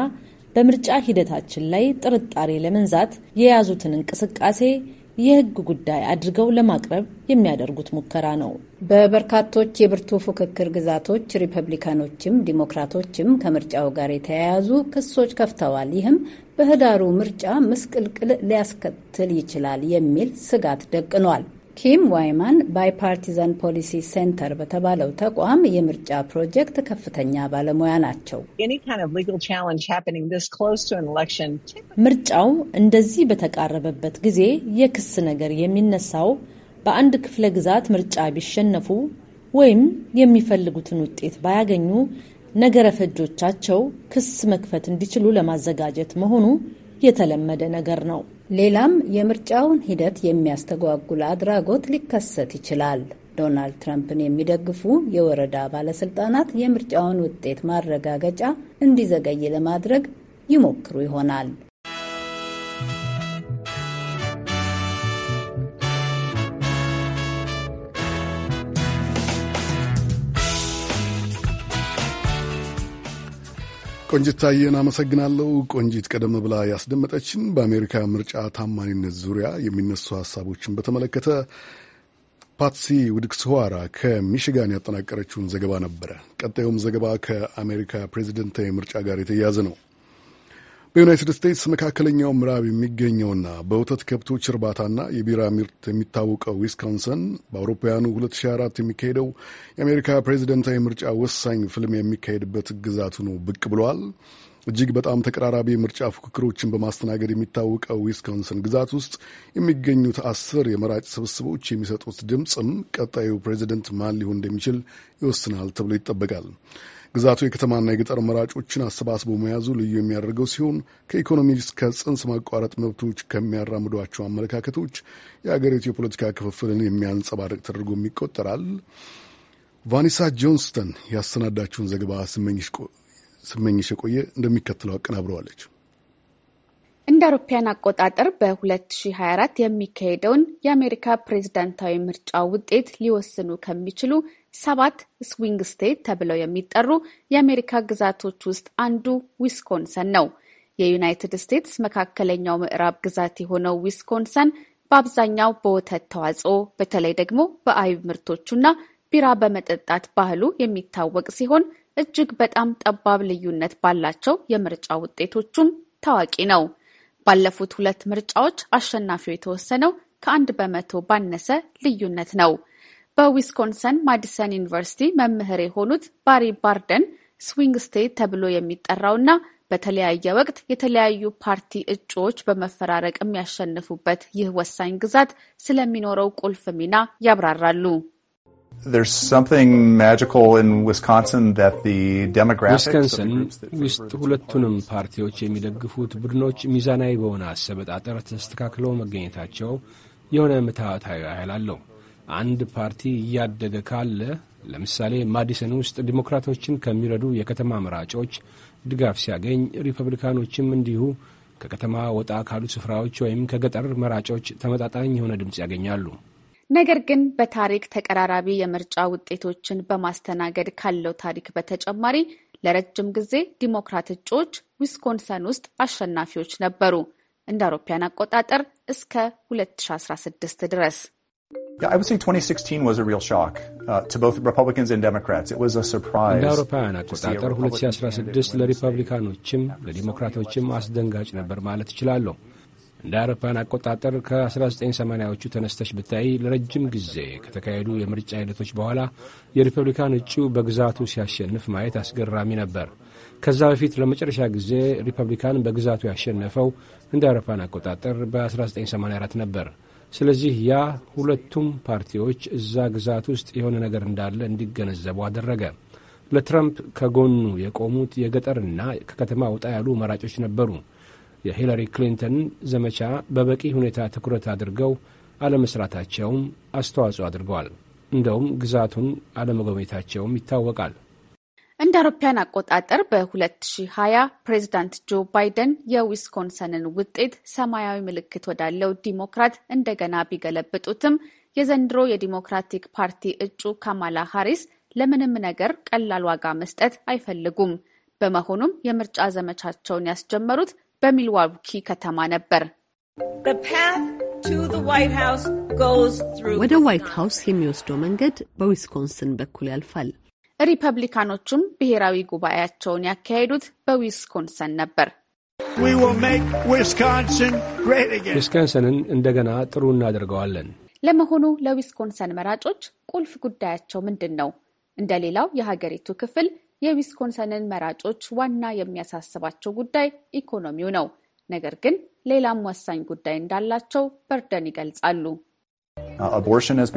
በምርጫ ሂደታችን ላይ ጥርጣሬ ለመንዛት የያዙትን እንቅስቃሴ የህግ ጉዳይ አድርገው ለማቅረብ የሚያደርጉት ሙከራ ነው። በበርካቶች የብርቱ ፉክክር ግዛቶች ሪፐብሊካኖችም ዲሞክራቶችም ከምርጫው ጋር የተያያዙ ክሶች ከፍተዋል። ይህም በህዳሩ ምርጫ ምስቅልቅል ሊያስከትል ይችላል የሚል ስጋት ደቅኗል። ኪም ዋይማን ባይፓርቲዛን ፖሊሲ ሴንተር በተባለው ተቋም የምርጫ ፕሮጀክት ከፍተኛ ባለሙያ ናቸው። ምርጫው እንደዚህ በተቃረበበት ጊዜ የክስ ነገር የሚነሳው በአንድ ክፍለ ግዛት ምርጫ ቢሸነፉ ወይም የሚፈልጉትን ውጤት ባያገኙ ነገረ ፈጆቻቸው ክስ መክፈት እንዲችሉ ለማዘጋጀት መሆኑ የተለመደ ነገር ነው። ሌላም የምርጫውን ሂደት የሚያስተጓጉል አድራጎት ሊከሰት ይችላል። ዶናልድ ትራምፕን የሚደግፉ የወረዳ ባለስልጣናት የምርጫውን ውጤት ማረጋገጫ እንዲዘገይ ለማድረግ ይሞክሩ ይሆናል። ቆንጂት ታዬን አመሰግናለሁ። ቆንጂት ቀደም ብላ ያስደመጠችን በአሜሪካ ምርጫ ታማኒነት ዙሪያ የሚነሱ ሀሳቦችን በተመለከተ ፓትሲ ውድክስዋራ ከሚሽጋን ያጠናቀረችውን ዘገባ ነበረ። ቀጣዩም ዘገባ ከአሜሪካ ፕሬዚደንታዊ ምርጫ ጋር የተያያዘ ነው። በዩናይትድ ስቴትስ መካከለኛው ምዕራብ የሚገኘውና በወተት ከብቶች እርባታና የቢራ ምርት የሚታወቀው ዊስኮንሰን በአውሮፓውያኑ 2024 የሚካሄደው የአሜሪካ ፕሬዚደንታዊ ምርጫ ወሳኝ ፍልም የሚካሄድበት ግዛቱ ነው ብቅ ብሏል። እጅግ በጣም ተቀራራቢ ምርጫ ፉክክሮችን በማስተናገድ የሚታወቀው ዊስኮንሰን ግዛት ውስጥ የሚገኙት አስር የመራጭ ስብስቦች የሚሰጡት ድምፅም ቀጣዩ ፕሬዚደንት ማን ሊሆን እንደሚችል ይወስናል ተብሎ ይጠበቃል። ግዛቱ የከተማና የገጠር መራጮችን አሰባስቦ መያዙ ልዩ የሚያደርገው ሲሆን ከኢኮኖሚ እስከ ጽንስ ማቋረጥ መብቶች ከሚያራምዷቸው አመለካከቶች የአገሪቱ የፖለቲካ ክፍፍልን የሚያንጸባርቅ ተደርጎም ይቆጠራል። ቫኒሳ ጆንስተን ያሰናዳችውን ዘገባ ስመኝሽ የቆየ እንደሚከተለው አቀናብረዋለች። እንደ አውሮፓያን አቆጣጠር በ2024 የሚካሄደውን የአሜሪካ ፕሬዝዳንታዊ ምርጫ ውጤት ሊወስኑ ከሚችሉ ሰባት ስዊንግ ስቴት ተብለው የሚጠሩ የአሜሪካ ግዛቶች ውስጥ አንዱ ዊስኮንሰን ነው። የዩናይትድ ስቴትስ መካከለኛው ምዕራብ ግዛት የሆነው ዊስኮንሰን በአብዛኛው በወተት ተዋጽኦ በተለይ ደግሞ በአይብ ምርቶቹና ቢራ በመጠጣት ባህሉ የሚታወቅ ሲሆን እጅግ በጣም ጠባብ ልዩነት ባላቸው የምርጫ ውጤቶቹም ታዋቂ ነው። ባለፉት ሁለት ምርጫዎች አሸናፊው የተወሰነው ከአንድ በመቶ ባነሰ ልዩነት ነው። በዊስኮንሰን ማዲሰን ዩኒቨርሲቲ መምህር የሆኑት ባሪ ባርደን ስዊንግ ስቴት ተብሎ የሚጠራውና በተለያየ ወቅት የተለያዩ ፓርቲ እጩዎች በመፈራረቅ የሚያሸንፉበት ይህ ወሳኝ ግዛት ስለሚኖረው ቁልፍ ሚና ያብራራሉ። ዊስኮንሰን ውስጥ ሁለቱንም ፓርቲዎች የሚደግፉት ቡድኖች ሚዛናዊ በሆነ አሰበጣጠር ተስተካክለው መገኘታቸው የሆነ ምትሃታዊ ያህል አለው። አንድ ፓርቲ እያደገ ካለ ለምሳሌ ማዲሰን ውስጥ ዲሞክራቶችን ከሚረዱ የከተማ መራጮች ድጋፍ ሲያገኝ፣ ሪፐብሊካኖችም እንዲሁ ከከተማ ወጣ ካሉ ስፍራዎች ወይም ከገጠር መራጮች ተመጣጣኝ የሆነ ድምፅ ያገኛሉ። ነገር ግን በታሪክ ተቀራራቢ የምርጫ ውጤቶችን በማስተናገድ ካለው ታሪክ በተጨማሪ ለረጅም ጊዜ ዲሞክራት እጩዎች ዊስኮንሰን ውስጥ አሸናፊዎች ነበሩ እንደ አውሮፓያን አቆጣጠር እስከ 2016 ድረስ። Yeah, I would say 2016 was a real shock uh, to both Republicans and Democrats. It was a surprise. እንደ አውሮፓውያን አቆጣጠር 2016 ለሪፐብሊካኖችም ለዲሞክራቶችም አስደንጋጭ ነበር ማለት እችላለሁ። እንደ አውሮፓውያን አቆጣጠር ከ1980ዎቹ ተነስተሽ ብታይ ለረጅም ጊዜ ከተካሄዱ የምርጫ አይነቶች በኋላ የሪፐብሊካን እጩ በግዛቱ ሲያሸንፍ ማየት አስገራሚ ነበር። ከዛ በፊት ለመጨረሻ ጊዜ ሪፐብሊካን በግዛቱ ያሸነፈው እንደ አውሮፓውያን አቆጣጠር በ1984 ነበር። ስለዚህ ያ ሁለቱም ፓርቲዎች እዛ ግዛት ውስጥ የሆነ ነገር እንዳለ እንዲገነዘቡ አደረገ። ለትራምፕ ከጎኑ የቆሙት የገጠርና ከከተማ ውጣ ያሉ መራጮች ነበሩ። የሂላሪ ክሊንተን ዘመቻ በበቂ ሁኔታ ትኩረት አድርገው አለመስራታቸውም አስተዋጽኦ አድርገዋል። እንደውም ግዛቱን አለመጎብኘታቸውም ይታወቃል። እንደ አውሮፓውያን አቆጣጠር በ2020 ፕሬዚዳንት ጆ ባይደን የዊስኮንሰንን ውጤት ሰማያዊ ምልክት ወዳለው ዲሞክራት እንደገና ቢገለብጡትም የዘንድሮ የዲሞክራቲክ ፓርቲ እጩ ካማላ ሃሪስ ለምንም ነገር ቀላል ዋጋ መስጠት አይፈልጉም። በመሆኑም የምርጫ ዘመቻቸውን ያስጀመሩት በሚልዋውኪ ከተማ ነበር። ወደ ዋይት ሀውስ የሚወስደው መንገድ በዊስኮንስን በኩል ያልፋል። ሪፐብሊካኖቹም ብሔራዊ ጉባኤያቸውን ያካሄዱት በዊስኮንሰን ነበር። ዊስኮንሰንን እንደገና ጥሩ እናደርገዋለን። ለመሆኑ ለዊስኮንሰን መራጮች ቁልፍ ጉዳያቸው ምንድን ነው? እንደሌላው የሀገሪቱ ክፍል የዊስኮንሰንን መራጮች ዋና የሚያሳስባቸው ጉዳይ ኢኮኖሚው ነው። ነገር ግን ሌላም ወሳኝ ጉዳይ እንዳላቸው በርደን ይገልጻሉ። ጽንስ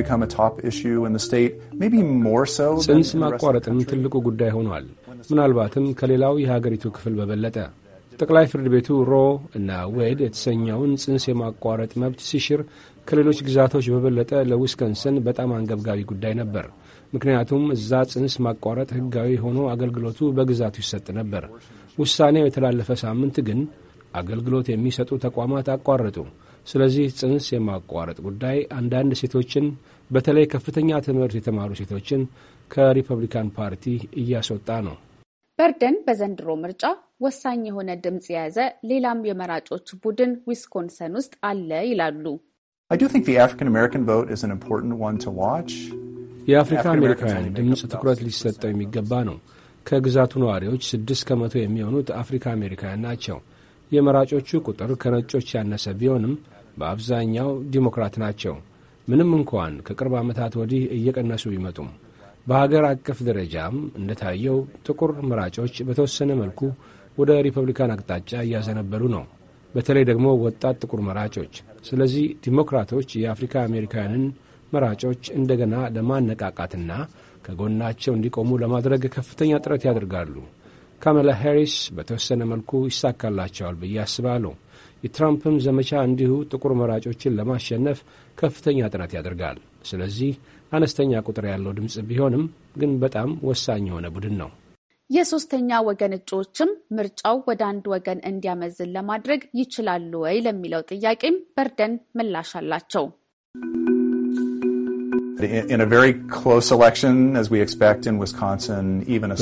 uh, ማቋረጥም ትልቁ ጉዳይ ሆኗል። ምናልባትም ከሌላው የሀገሪቱ ክፍል በበለጠ ጠቅላይ ፍርድ ቤቱ ሮ እና ዌድ የተሰኘውን ጽንስ የማቋረጥ መብት ሲሽር ከሌሎች ግዛቶች በበለጠ ለዊስከንሰን በጣም አንገብጋቢ ጉዳይ ነበር። ምክንያቱም እዛ ጽንስ ማቋረጥ ሕጋዊ ሆኖ አገልግሎቱ በግዛቱ ይሰጥ ነበር። ውሳኔው የተላለፈ ሳምንት ግን አገልግሎት የሚሰጡ ተቋማት አቋረጡ። ስለዚህ ጽንስ የማቋረጥ ጉዳይ አንዳንድ ሴቶችን በተለይ ከፍተኛ ትምህርት የተማሩ ሴቶችን ከሪፐብሊካን ፓርቲ እያስወጣ ነው። በርደን በዘንድሮ ምርጫ ወሳኝ የሆነ ድምፅ የያዘ ሌላም የመራጮች ቡድን ዊስኮንሰን ውስጥ አለ ይላሉ። የአፍሪካ አሜሪካውያን ድምፅ ትኩረት ሊሰጠው የሚገባ ነው። ከግዛቱ ነዋሪዎች ስድስት ከመቶ የሚሆኑት አፍሪካ አሜሪካውያን ናቸው። የመራጮቹ ቁጥር ከነጮች ያነሰ ቢሆንም በአብዛኛው ዲሞክራት ናቸው። ምንም እንኳን ከቅርብ ዓመታት ወዲህ እየቀነሱ ቢመጡም በሀገር አቀፍ ደረጃም እንደታየው ጥቁር መራጮች በተወሰነ መልኩ ወደ ሪፐብሊካን አቅጣጫ እያዘነበሉ ነው፣ በተለይ ደግሞ ወጣት ጥቁር መራጮች። ስለዚህ ዲሞክራቶች የአፍሪካ አሜሪካውያንን መራጮች እንደገና ለማነቃቃትና ከጎናቸው እንዲቆሙ ለማድረግ ከፍተኛ ጥረት ያደርጋሉ። ካመላ ሃሪስ በተወሰነ መልኩ ይሳካላቸዋል ብዬ አስባለሁ። የትራምፕም ዘመቻ እንዲሁ ጥቁር መራጮችን ለማሸነፍ ከፍተኛ ጥረት ያደርጋል። ስለዚህ አነስተኛ ቁጥር ያለው ድምፅ ቢሆንም ግን በጣም ወሳኝ የሆነ ቡድን ነው። የሶስተኛ ወገን እጩዎችም ምርጫው ወደ አንድ ወገን እንዲያመዝን ለማድረግ ይችላሉ ወይ ለሚለው ጥያቄም በርደን ምላሽ አላቸው።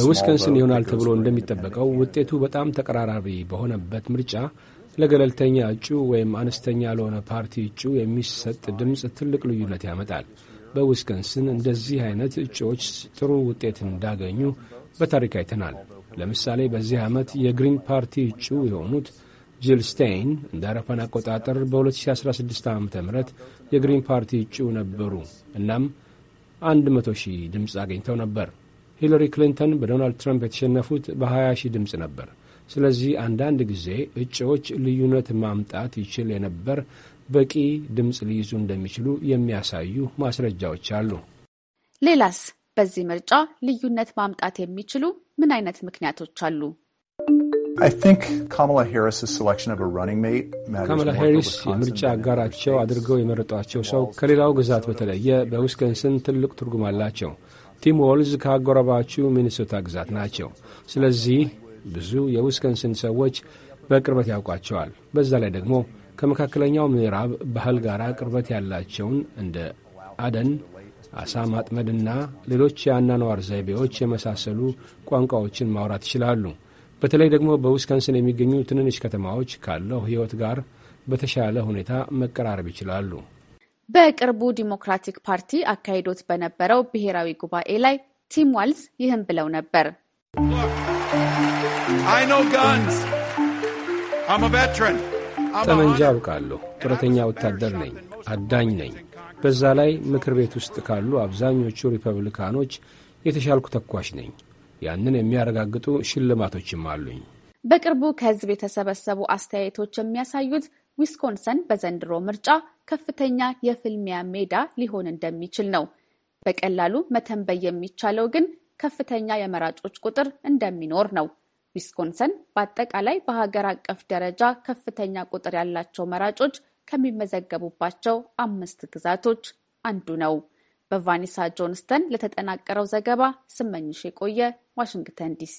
በዊስከንስን ይሆናል ተብሎ እንደሚጠበቀው ውጤቱ በጣም ተቀራራቢ በሆነበት ምርጫ ለገለልተኛ እጩ ወይም አነስተኛ ለሆነ ፓርቲ እጩ የሚሰጥ ድምፅ ትልቅ ልዩነት ያመጣል። በዊስከንስን እንደዚህ አይነት እጩዎች ጥሩ ውጤት እንዳገኙ በታሪክ አይተናል። ለምሳሌ በዚህ ዓመት የግሪን ፓርቲ እጩ የሆኑት ጂል ስቴይን እንደ አረፋን አቆጣጠር በ2016 ዓ ም የግሪን ፓርቲ እጩ ነበሩ። እናም 100 ሺህ ድምፅ አግኝተው ነበር። ሂለሪ ክሊንተን በዶናልድ ትራምፕ የተሸነፉት በ20 ሺህ ድምፅ ነበር። ስለዚህ አንዳንድ ጊዜ እጩዎች ልዩነት ማምጣት ይችል የነበር በቂ ድምፅ ሊይዙ እንደሚችሉ የሚያሳዩ ማስረጃዎች አሉ። ሌላስ በዚህ ምርጫ ልዩነት ማምጣት የሚችሉ ምን አይነት ምክንያቶች አሉ? ካማላ ሄሪስ የምርጫ አጋራቸው አድርገው የመረጧቸው ሰው ከሌላው ግዛት በተለየ በዊስከንስን ትልቅ ትርጉም አላቸው። ቲም ዎልዝ ከአጎራባቹ ሚኒሶታ ግዛት ናቸው። ስለዚህ ብዙ የዊስከንስን ሰዎች በቅርበት ያውቋቸዋል። በዛ ላይ ደግሞ ከመካከለኛው ምዕራብ ባህል ጋር ቅርበት ያላቸውን እንደ አደን፣ አሳ ማጥመድና ሌሎች የአኗኗር ዘይቤዎች የመሳሰሉ ቋንቋዎችን ማውራት ይችላሉ። በተለይ ደግሞ በዊስከንስን የሚገኙ ትንንሽ ከተማዎች ካለው ሕይወት ጋር በተሻለ ሁኔታ መቀራረብ ይችላሉ። በቅርቡ ዲሞክራቲክ ፓርቲ አካሂዶት በነበረው ብሔራዊ ጉባኤ ላይ ቲም ዋልዝ ይህን ብለው ነበር። ጠመንጃ አውቃለሁ። ጡረተኛ ወታደር ነኝ። አዳኝ ነኝ። በዛ ላይ ምክር ቤት ውስጥ ካሉ አብዛኞቹ ሪፐብሊካኖች የተሻልኩ ተኳሽ ነኝ። ያንን የሚያረጋግጡ ሽልማቶችም አሉኝ። በቅርቡ ከህዝብ የተሰበሰቡ አስተያየቶች የሚያሳዩት ዊስኮንሰን በዘንድሮ ምርጫ ከፍተኛ የፍልሚያ ሜዳ ሊሆን እንደሚችል ነው። በቀላሉ መተንበይ የሚቻለው ግን ከፍተኛ የመራጮች ቁጥር እንደሚኖር ነው። ዊስኮንሰን በአጠቃላይ በሀገር አቀፍ ደረጃ ከፍተኛ ቁጥር ያላቸው መራጮች ከሚመዘገቡባቸው አምስት ግዛቶች አንዱ ነው። በቫኒሳ ጆንስተን ለተጠናቀረው ዘገባ ስመኝሽ የቆየ ዋሽንግተን ዲሲ።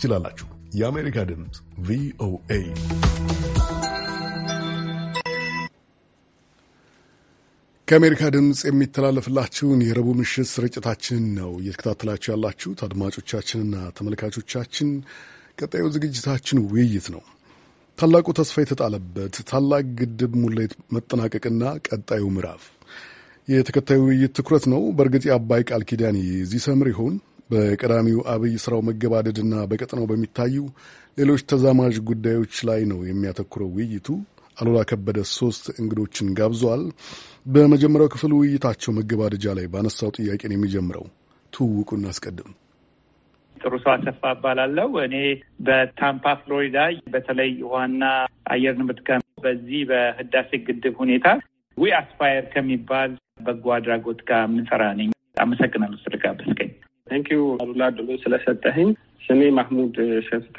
ትችላላችሁ። የአሜሪካ ድምፅ ቪኦኤ ከአሜሪካ ድምፅ የሚተላለፍላችሁን የረቡዕ ምሽት ስርጭታችንን ነው እየተከታተላችሁ ያላችሁት አድማጮቻችንና ተመልካቾቻችን። ቀጣዩ ዝግጅታችን ውይይት ነው። ታላቁ ተስፋ የተጣለበት ታላቅ ግድብ ሙሌት መጠናቀቅና ቀጣዩ ምዕራፍ የተከታዩ ውይይት ትኩረት ነው። በእርግጥ የአባይ ቃል ኪዳን ይዘምር ይሆን? በቀዳሚው አብይ ስራው መገባደድና በቀጠናው በሚታዩ ሌሎች ተዛማጅ ጉዳዮች ላይ ነው የሚያተኩረው ውይይቱ። አሉላ ከበደ ሶስት እንግዶችን ጋብዘዋል። በመጀመሪያው ክፍል ውይይታቸው መገባደጃ ላይ ባነሳው ጥያቄን የሚጀምረው ትውውቁ እናስቀድም። ጥሩ ሰው አሰፋ እባላለሁ። እኔ በታምፓ ፍሎሪዳ፣ በተለይ ዋና አየር ንብረት በዚህ በህዳሴ ግድብ ሁኔታ ዊ አስፓየር ከሚባል በጎ አድራጎት ጋር የምንሰራ ነኝ። አመሰግናለሁ ስለጋበዝከኝ። ዩ አሉላ ድሎ ስለሰጠህኝ። ስሜ ማህሙድ ሸት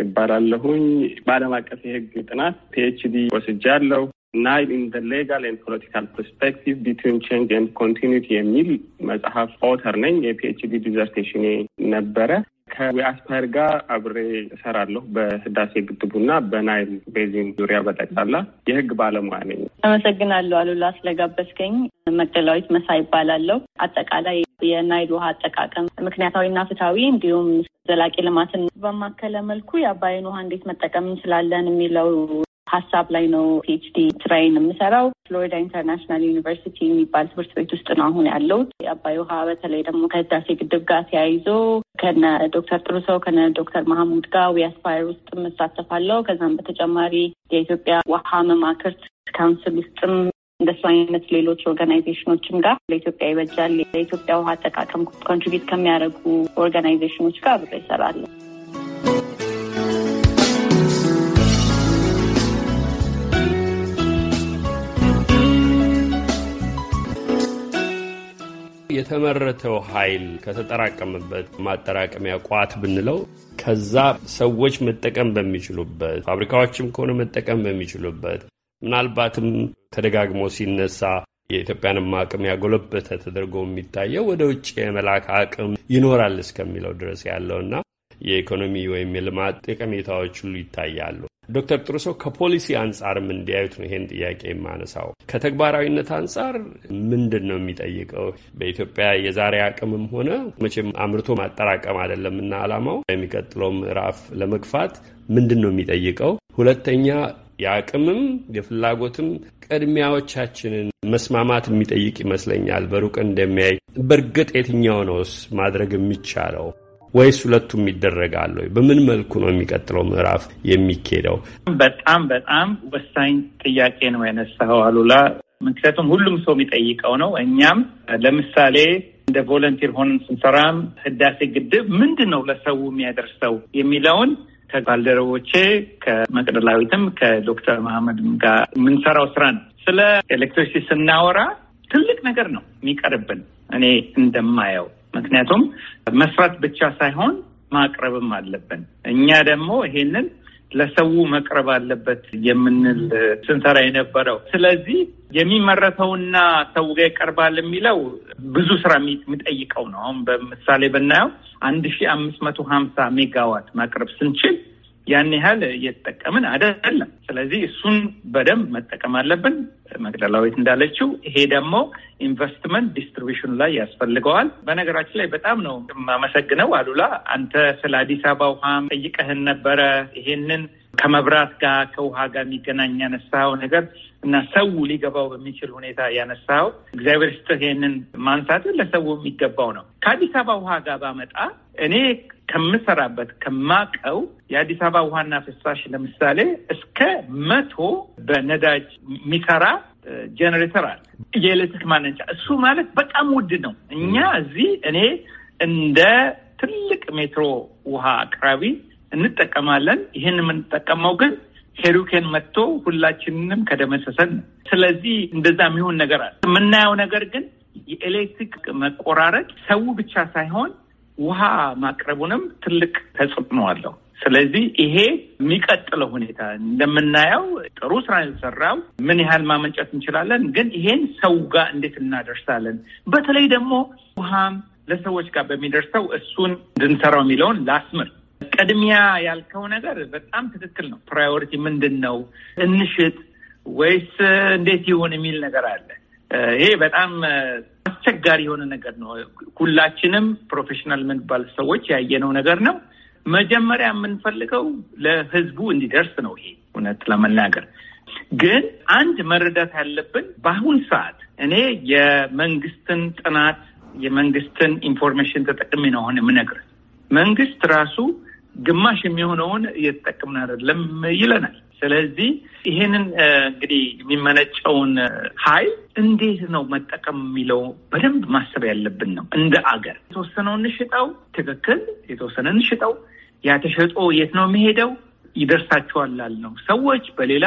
ይባላለሁኝ። በዓለም አቀፍ የህግ ጥናት ፒኤችዲ ወስጃለሁ። ናይል ኢን ደ ሌጋል ኤንድ ፖለቲካል ፐርስፔክቲቭ ቢትዊን ቼንጅ ኤንድ ኮንቲኒቲ የሚል መጽሐፍ ኦተር ነኝ። የፒኤችዲ ዲዘርቴሽኔ ነበረ። ከዊአስፓር ጋር አብሬ እሰራለሁ በህዳሴ ግድቡና በናይል ቤዚን ዙሪያ በጠቅላላ የህግ ባለሙያ ነኝ። አመሰግናለሁ አሉላ ስለጋበዝከኝ። መቅደላዊት መሳይ ይባላለሁ። አጠቃላይ የናይል ውሃ አጠቃቀም ምክንያታዊና ፍትሐዊ እንዲሁም ዘላቂ ልማትን በማከለ መልኩ የአባይን ውሃ እንዴት መጠቀም እንችላለን የሚለው ሀሳብ ላይ ነው ፒኤችዲ ስራዬን የምሰራው። ፍሎሪዳ ኢንተርናሽናል ዩኒቨርሲቲ የሚባል ትምህርት ቤት ውስጥ ነው አሁን ያለሁት። የአባይ ውሃ በተለይ ደግሞ ከህዳሴ ግድብ ጋር ተያይዞ ከነ ዶክተር ጥሩሰው ከነ ዶክተር መሀሙድ ጋር ዊያስፓየር ውስጥ የምሳተፋለው። ከዛም በተጨማሪ የኢትዮጵያ ውሃ መማክርት ካውንስል ውስጥም እንደሱ አይነት ሌሎች ኦርጋናይዜሽኖችም ጋር ለኢትዮጵያ ይበጃል ለኢትዮጵያ ውሃ አጠቃቀም ኮንትሪቢዩት ከሚያደርጉ ኦርጋናይዜሽኖች ጋር አብሬ እሰራለሁ። የተመረተው ኃይል ከተጠራቀመበት ማጠራቀሚያ ቋት ብንለው ከዛ ሰዎች መጠቀም በሚችሉበት ፋብሪካዎችም ከሆነ መጠቀም በሚችሉበት ምናልባትም ተደጋግሞ ሲነሳ የኢትዮጵያንም አቅም ያጎለበተ ተደርጎ የሚታየው ወደ ውጭ የመላክ አቅም ይኖራል እስከሚለው ድረስ ያለውና የኢኮኖሚ ወይም የልማት ጠቀሜታዎች ሁሉ ይታያሉ። ዶክተር ጥሩሶ ከፖሊሲ አንጻርም እንዲያዩት ነው ይሄን ጥያቄ የማነሳው። ከተግባራዊነት አንጻር ምንድን ነው የሚጠይቀው? በኢትዮጵያ የዛሬ አቅምም ሆነ መቼም አምርቶ ማጠራቀም አይደለም እና አላማው የሚቀጥለው ምዕራፍ ለመግፋት ምንድን ነው የሚጠይቀው? ሁለተኛ የአቅምም የፍላጎትም ቅድሚያዎቻችንን መስማማት የሚጠይቅ ይመስለኛል። በሩቅ እንደሚያይ በእርግጥ የትኛው ነውስ ማድረግ የሚቻለው? ወይስ ሁለቱም ይደረጋል ወይ? በምን መልኩ ነው የሚቀጥለው ምዕራፍ የሚኬደው? በጣም በጣም ወሳኝ ጥያቄ ነው ያነሳኸው አሉላ። ምክንያቱም ሁሉም ሰው የሚጠይቀው ነው። እኛም ለምሳሌ እንደ ቮለንቲር ሆነን ስንሰራም ህዳሴ ግድብ ምንድን ነው ለሰው የሚያደርሰው የሚለውን ከባልደረቦቼ ከመቅደላዊትም ከዶክተር መሐመድም ጋር የምንሰራው ስራ ነው። ስለ ኤሌክትሪሲቲ ስናወራ ትልቅ ነገር ነው የሚቀርብን እኔ እንደማየው ምክንያቱም መስራት ብቻ ሳይሆን ማቅረብም አለብን። እኛ ደግሞ ይሄንን ለሰው መቅረብ አለበት የምንል ስንሰራ የነበረው። ስለዚህ የሚመረተውና ሰው ጋር ይቀርባል የሚለው ብዙ ስራ የሚጠይቀው ነው። አሁን በምሳሌ ብናየው አንድ ሺ አምስት መቶ ሀምሳ ሜጋዋት ማቅረብ ስንችል ያን ያህል እየተጠቀምን አይደለም። ስለዚህ እሱን በደንብ መጠቀም አለብን። መግደላዊት እንዳለችው ይሄ ደግሞ ኢንቨስትመንት ዲስትሪቢሽኑ ላይ ያስፈልገዋል። በነገራችን ላይ በጣም ነው የማመሰግነው አሉላ፣ አንተ ስለ አዲስ አበባ ውሃ ጠይቀህን ነበረ። ይሄንን ከመብራት ጋር ከውሃ ጋር የሚገናኝ ያነሳው ነገር እና ሰው ሊገባው በሚችል ሁኔታ ያነሳው እግዚአብሔር ስጥህ ይሄንን ማንሳት ለሰው የሚገባው ነው። ከአዲስ አበባ ውሃ ጋር ባመጣ እኔ ከምሰራበት ከማቀው የአዲስ አበባ ውሃና ፍሳሽ ለምሳሌ እስከ መቶ በነዳጅ የሚሰራ ጄኔሬተር አለ። የኤሌክትሪክ ማነጫ እሱ ማለት በጣም ውድ ነው። እኛ እዚህ እኔ እንደ ትልቅ ሜትሮ ውሃ አቅራቢ እንጠቀማለን። ይህን የምንጠቀመው ግን ሄሪኬን መጥቶ ሁላችንንም ከደመሰሰን ነው። ስለዚህ እንደዛ የሚሆን ነገር አለ። የምናየው ነገር ግን የኤሌክትሪክ መቆራረጥ ሰው ብቻ ሳይሆን ውሃ ማቅረቡንም ትልቅ ተጽዕኖ አለው። ስለዚህ ይሄ የሚቀጥለው ሁኔታ እንደምናየው ጥሩ ስራ የተሰራው ምን ያህል ማመንጨት እንችላለን፣ ግን ይሄን ሰው ጋር እንዴት እናደርሳለን? በተለይ ደግሞ ውሃም ለሰዎች ጋር በሚደርሰው እሱን እንድንሰራው የሚለውን ላስምር። ቅድሚያ ያልከው ነገር በጣም ትክክል ነው። ፕራዮሪቲ ምንድን ነው? እንሽጥ ወይስ እንዴት ይሁን የሚል ነገር አለ። ይሄ በጣም አስቸጋሪ የሆነ ነገር ነው። ሁላችንም ፕሮፌሽናል የምንባል ሰዎች ያየነው ነገር ነው። መጀመሪያ የምንፈልገው ለህዝቡ እንዲደርስ ነው። ይሄ እውነት ለመናገር ግን አንድ መረዳት ያለብን በአሁን ሰዓት እኔ የመንግስትን ጥናት የመንግስትን ኢንፎርሜሽን ተጠቅሜ ነው አሁን የምነግርህ መንግስት ራሱ ግማሽ የሚሆነውን እየተጠቀምን አይደለም ይለናል። ስለዚህ ይሄንን እንግዲህ የሚመነጨውን ኃይል እንዴት ነው መጠቀም የሚለው በደንብ ማሰብ ያለብን ነው። እንደ አገር የተወሰነው እንሽጠው፣ ትክክል የተወሰነ እንሽጠው። ያ ተሸጦ የት ነው የሚሄደው? ይደርሳቸዋል ነው ሰዎች በሌላ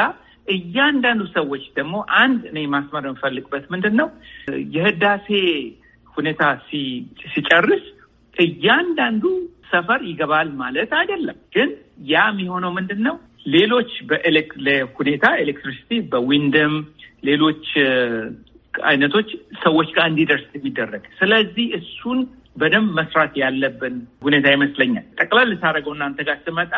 እያንዳንዱ ሰዎች ደግሞ አንድ እኔ ማስመር የምፈልግበት ምንድን ነው የህዳሴ ሁኔታ ሲጨርስ እያንዳንዱ ሰፈር ይገባል ማለት አይደለም። ግን ያ የሚሆነው ምንድን ነው? ሌሎች ሁኔታ ኤሌክትሪሲቲ በዊንድም ሌሎች አይነቶች ሰዎች ጋር እንዲደርስ የሚደረግ ስለዚህ እሱን በደንብ መስራት ያለብን ሁኔታ ይመስለኛል። ጠቅላላ ልታደርገው እናንተ ጋር ስመጣ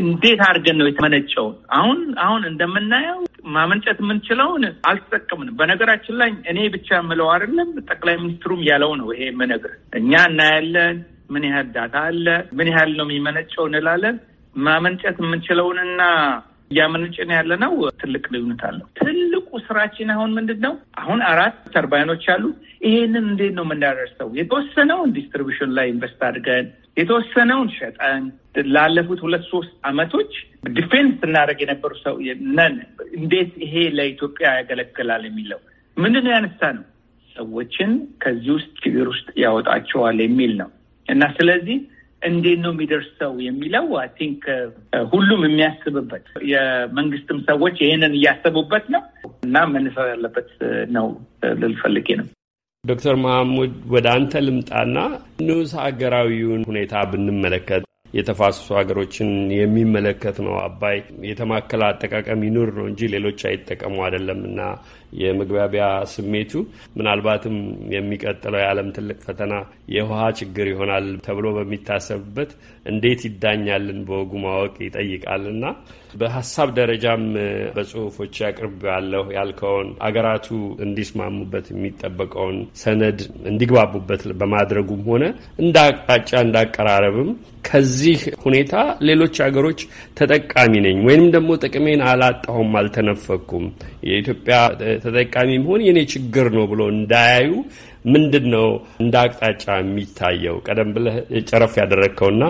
እንዴት አድርገን ነው የተመነጨውን አሁን አሁን እንደምናየው ማመንጨት የምንችለውን አልተጠቀምንም። በነገራችን ላይ እኔ ብቻ የምለው አይደለም፣ ጠቅላይ ሚኒስትሩም ያለው ነው ይሄ የምነግርህ። እኛ እናያለን ምን ያህል ዳታ አለ፣ ምን ያህል ነው የሚመነጨው እንላለን። ማመንጨት የምንችለውንና እያመነጭን ያለ ነው ትልቅ ልዩነት አለው። ትልቁ ስራችን አሁን ምንድን ነው? አሁን አራት ተርባይኖች አሉ። ይሄንን እንዴት ነው የምናደርሰው? የተወሰነውን ዲስትሪቢሽን ላይ ኢንቨስት አድርገን የተወሰነውን ሸጠን ላለፉት ሁለት ሶስት አመቶች ዲፌንስ እናደርግ የነበሩ ሰው ነን። እንዴት ይሄ ለኢትዮጵያ ያገለግላል የሚለው ምንድን ነው ያነሳ ነው ሰዎችን ከዚህ ውስጥ ችግር ውስጥ ያወጣቸዋል የሚል ነው። እና ስለዚህ እንዴት ነው የሚደርሰው የሚለው አይ ቲንክ uh, uh, ሁሉም የሚያስብበት የመንግስትም ሰዎች ይህንን እያሰቡበት ነው እና መነሳት ያለበት uh, ነው ልል ነው። ዶክተር መሐሙድ ወደ አንተ ልምጣና ንዑስ ሀገራዊውን ሁኔታ ብንመለከት የተፋሰሱ ሀገሮችን የሚመለከት ነው። አባይ የተማከለ አጠቃቀም ይኑር ነው እንጂ ሌሎች አይጠቀሙ አይደለም እና የመግባቢያ ስሜቱ ምናልባትም የሚቀጥለው የዓለም ትልቅ ፈተና የውሃ ችግር ይሆናል ተብሎ በሚታሰብበት እንዴት ይዳኛልን በወጉ ማወቅ ይጠይቃልና በሀሳብ ደረጃም በጽሁፎች ያቅርብ ያለሁ ያልከውን አገራቱ እንዲስማሙበት የሚጠበቀውን ሰነድ እንዲግባቡበት በማድረጉም ሆነ እንደ አቅጣጫ እንዳቀራረብም ከዚህ ሁኔታ ሌሎች አገሮች ተጠቃሚ ነኝ ወይንም ደግሞ ጥቅሜን አላጣሁም፣ አልተነፈኩም የኢትዮጵያ ተጠቃሚ መሆን የኔ ችግር ነው ብሎ እንዳያዩ ምንድን ነው እንደ አቅጣጫ የሚታየው? ቀደም ብለህ ጨረፍ ያደረግከውና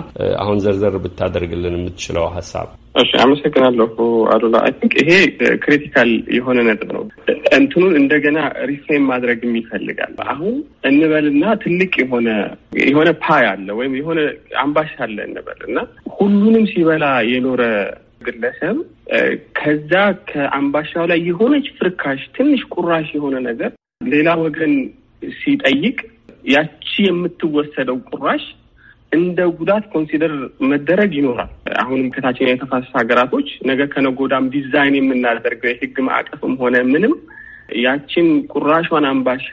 አሁን ዘርዘር ብታደርግልን የምትችለው ሀሳብ። እሺ፣ አመሰግናለሁ አሉላ። አይ ቲንክ ይሄ ክሪቲካል የሆነ ነጥብ ነው። እንትኑን እንደገና ሪፍሬም ማድረግም ይፈልጋል። አሁን እንበልና ትልቅ የሆነ የሆነ ፓይ አለ ወይም የሆነ አምባሻ አለ እንበል እና ሁሉንም ሲበላ የኖረ ግለሰብ ከዛ ከአምባሻው ላይ የሆነች ፍርካሽ፣ ትንሽ ቁራሽ የሆነ ነገር ሌላ ወገን ሲጠይቅ ያቺ የምትወሰደው ቁራሽ እንደ ጉዳት ኮንሲደር መደረግ ይኖራል። አሁንም ከታችን የተፋሰስ ሀገራቶች ነገ ከነጎዳም ዲዛይን የምናደርገው የህግ ማዕቀፍም ሆነ ምንም ያችን ቁራሿን አምባሻ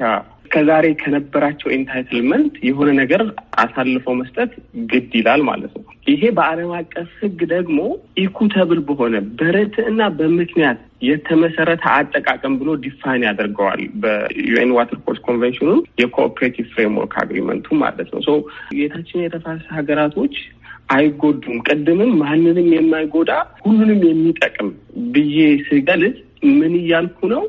እስከዛሬ ከነበራቸው ኢንታይትልመንት የሆነ ነገር አሳልፈው መስጠት ግድ ይላል ማለት ነው። ይሄ በዓለም አቀፍ ሕግ ደግሞ ኢኩተብል በሆነ በርትዕና በምክንያት የተመሰረተ አጠቃቀም ብሎ ዲፋይን ያደርገዋል። በዩኤን ዋተር ኮርስ ኮንቬንሽኑም የኮኦፕሬቲቭ ፍሬምወርክ አግሪመንቱ ማለት ነው። ሶ የታችን የተፋሰስ ሀገራቶች አይጎዱም። ቅድምም ማንንም የማይጎዳ ሁሉንም የሚጠቅም ብዬ ስገልጽ ምን እያልኩ ነው?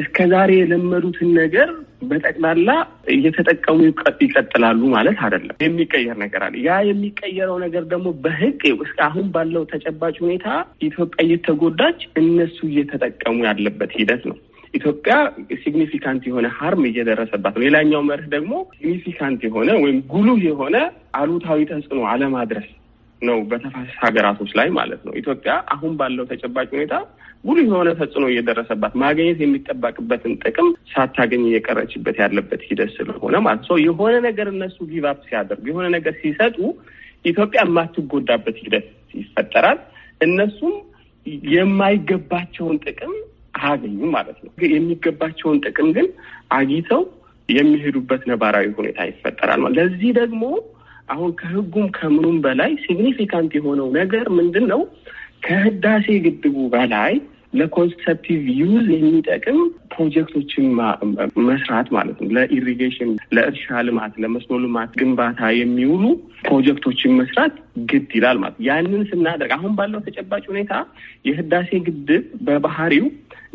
እስከ ዛሬ የለመዱትን ነገር በጠቅላላ እየተጠቀሙ ይቀጥላሉ ማለት አይደለም። የሚቀየር ነገር አለ። ያ የሚቀየረው ነገር ደግሞ በህግ አሁን ባለው ተጨባጭ ሁኔታ ኢትዮጵያ እየተጎዳች እነሱ እየተጠቀሙ ያለበት ሂደት ነው። ኢትዮጵያ ሲግኒፊካንት የሆነ ሀርም እየደረሰባት ነው። ሌላኛው መርህ ደግሞ ሲግኒፊካንት የሆነ ወይም ጉልህ የሆነ አሉታዊ ተጽዕኖ አለማድረስ ነው፣ በተፋሰስ ሀገራቶች ላይ ማለት ነው። ኢትዮጵያ አሁን ባለው ተጨባጭ ሁኔታ ጉልህ የሆነ ተጽዕኖ እየደረሰባት ማግኘት የሚጠበቅበትን ጥቅም ሳታገኝ እየቀረችበት ያለበት ሂደት ስለሆነ ማለት ሰው የሆነ ነገር እነሱ ጊቫፕ ሲያደርጉ የሆነ ነገር ሲሰጡ ኢትዮጵያ የማትጎዳበት ሂደት ይፈጠራል። እነሱም የማይገባቸውን ጥቅም አያገኙ ማለት ነው። የሚገባቸውን ጥቅም ግን አግኝተው የሚሄዱበት ነባራዊ ሁኔታ ይፈጠራል ማለት ለዚህ ደግሞ አሁን ከህጉም ከምኑም በላይ ሲግኒፊካንት የሆነው ነገር ምንድን ነው? ከህዳሴ ግድቡ በላይ ለኮንስትራክቲቭ ዩዝ የሚጠቅም ፕሮጀክቶችን መስራት ማለት ነው። ለኢሪጌሽን፣ ለእርሻ ልማት፣ ለመስኖ ልማት ግንባታ የሚውሉ ፕሮጀክቶችን መስራት ግድ ይላል ማለት ያንን ስናደርግ አሁን ባለው ተጨባጭ ሁኔታ የህዳሴ ግድብ በባህሪው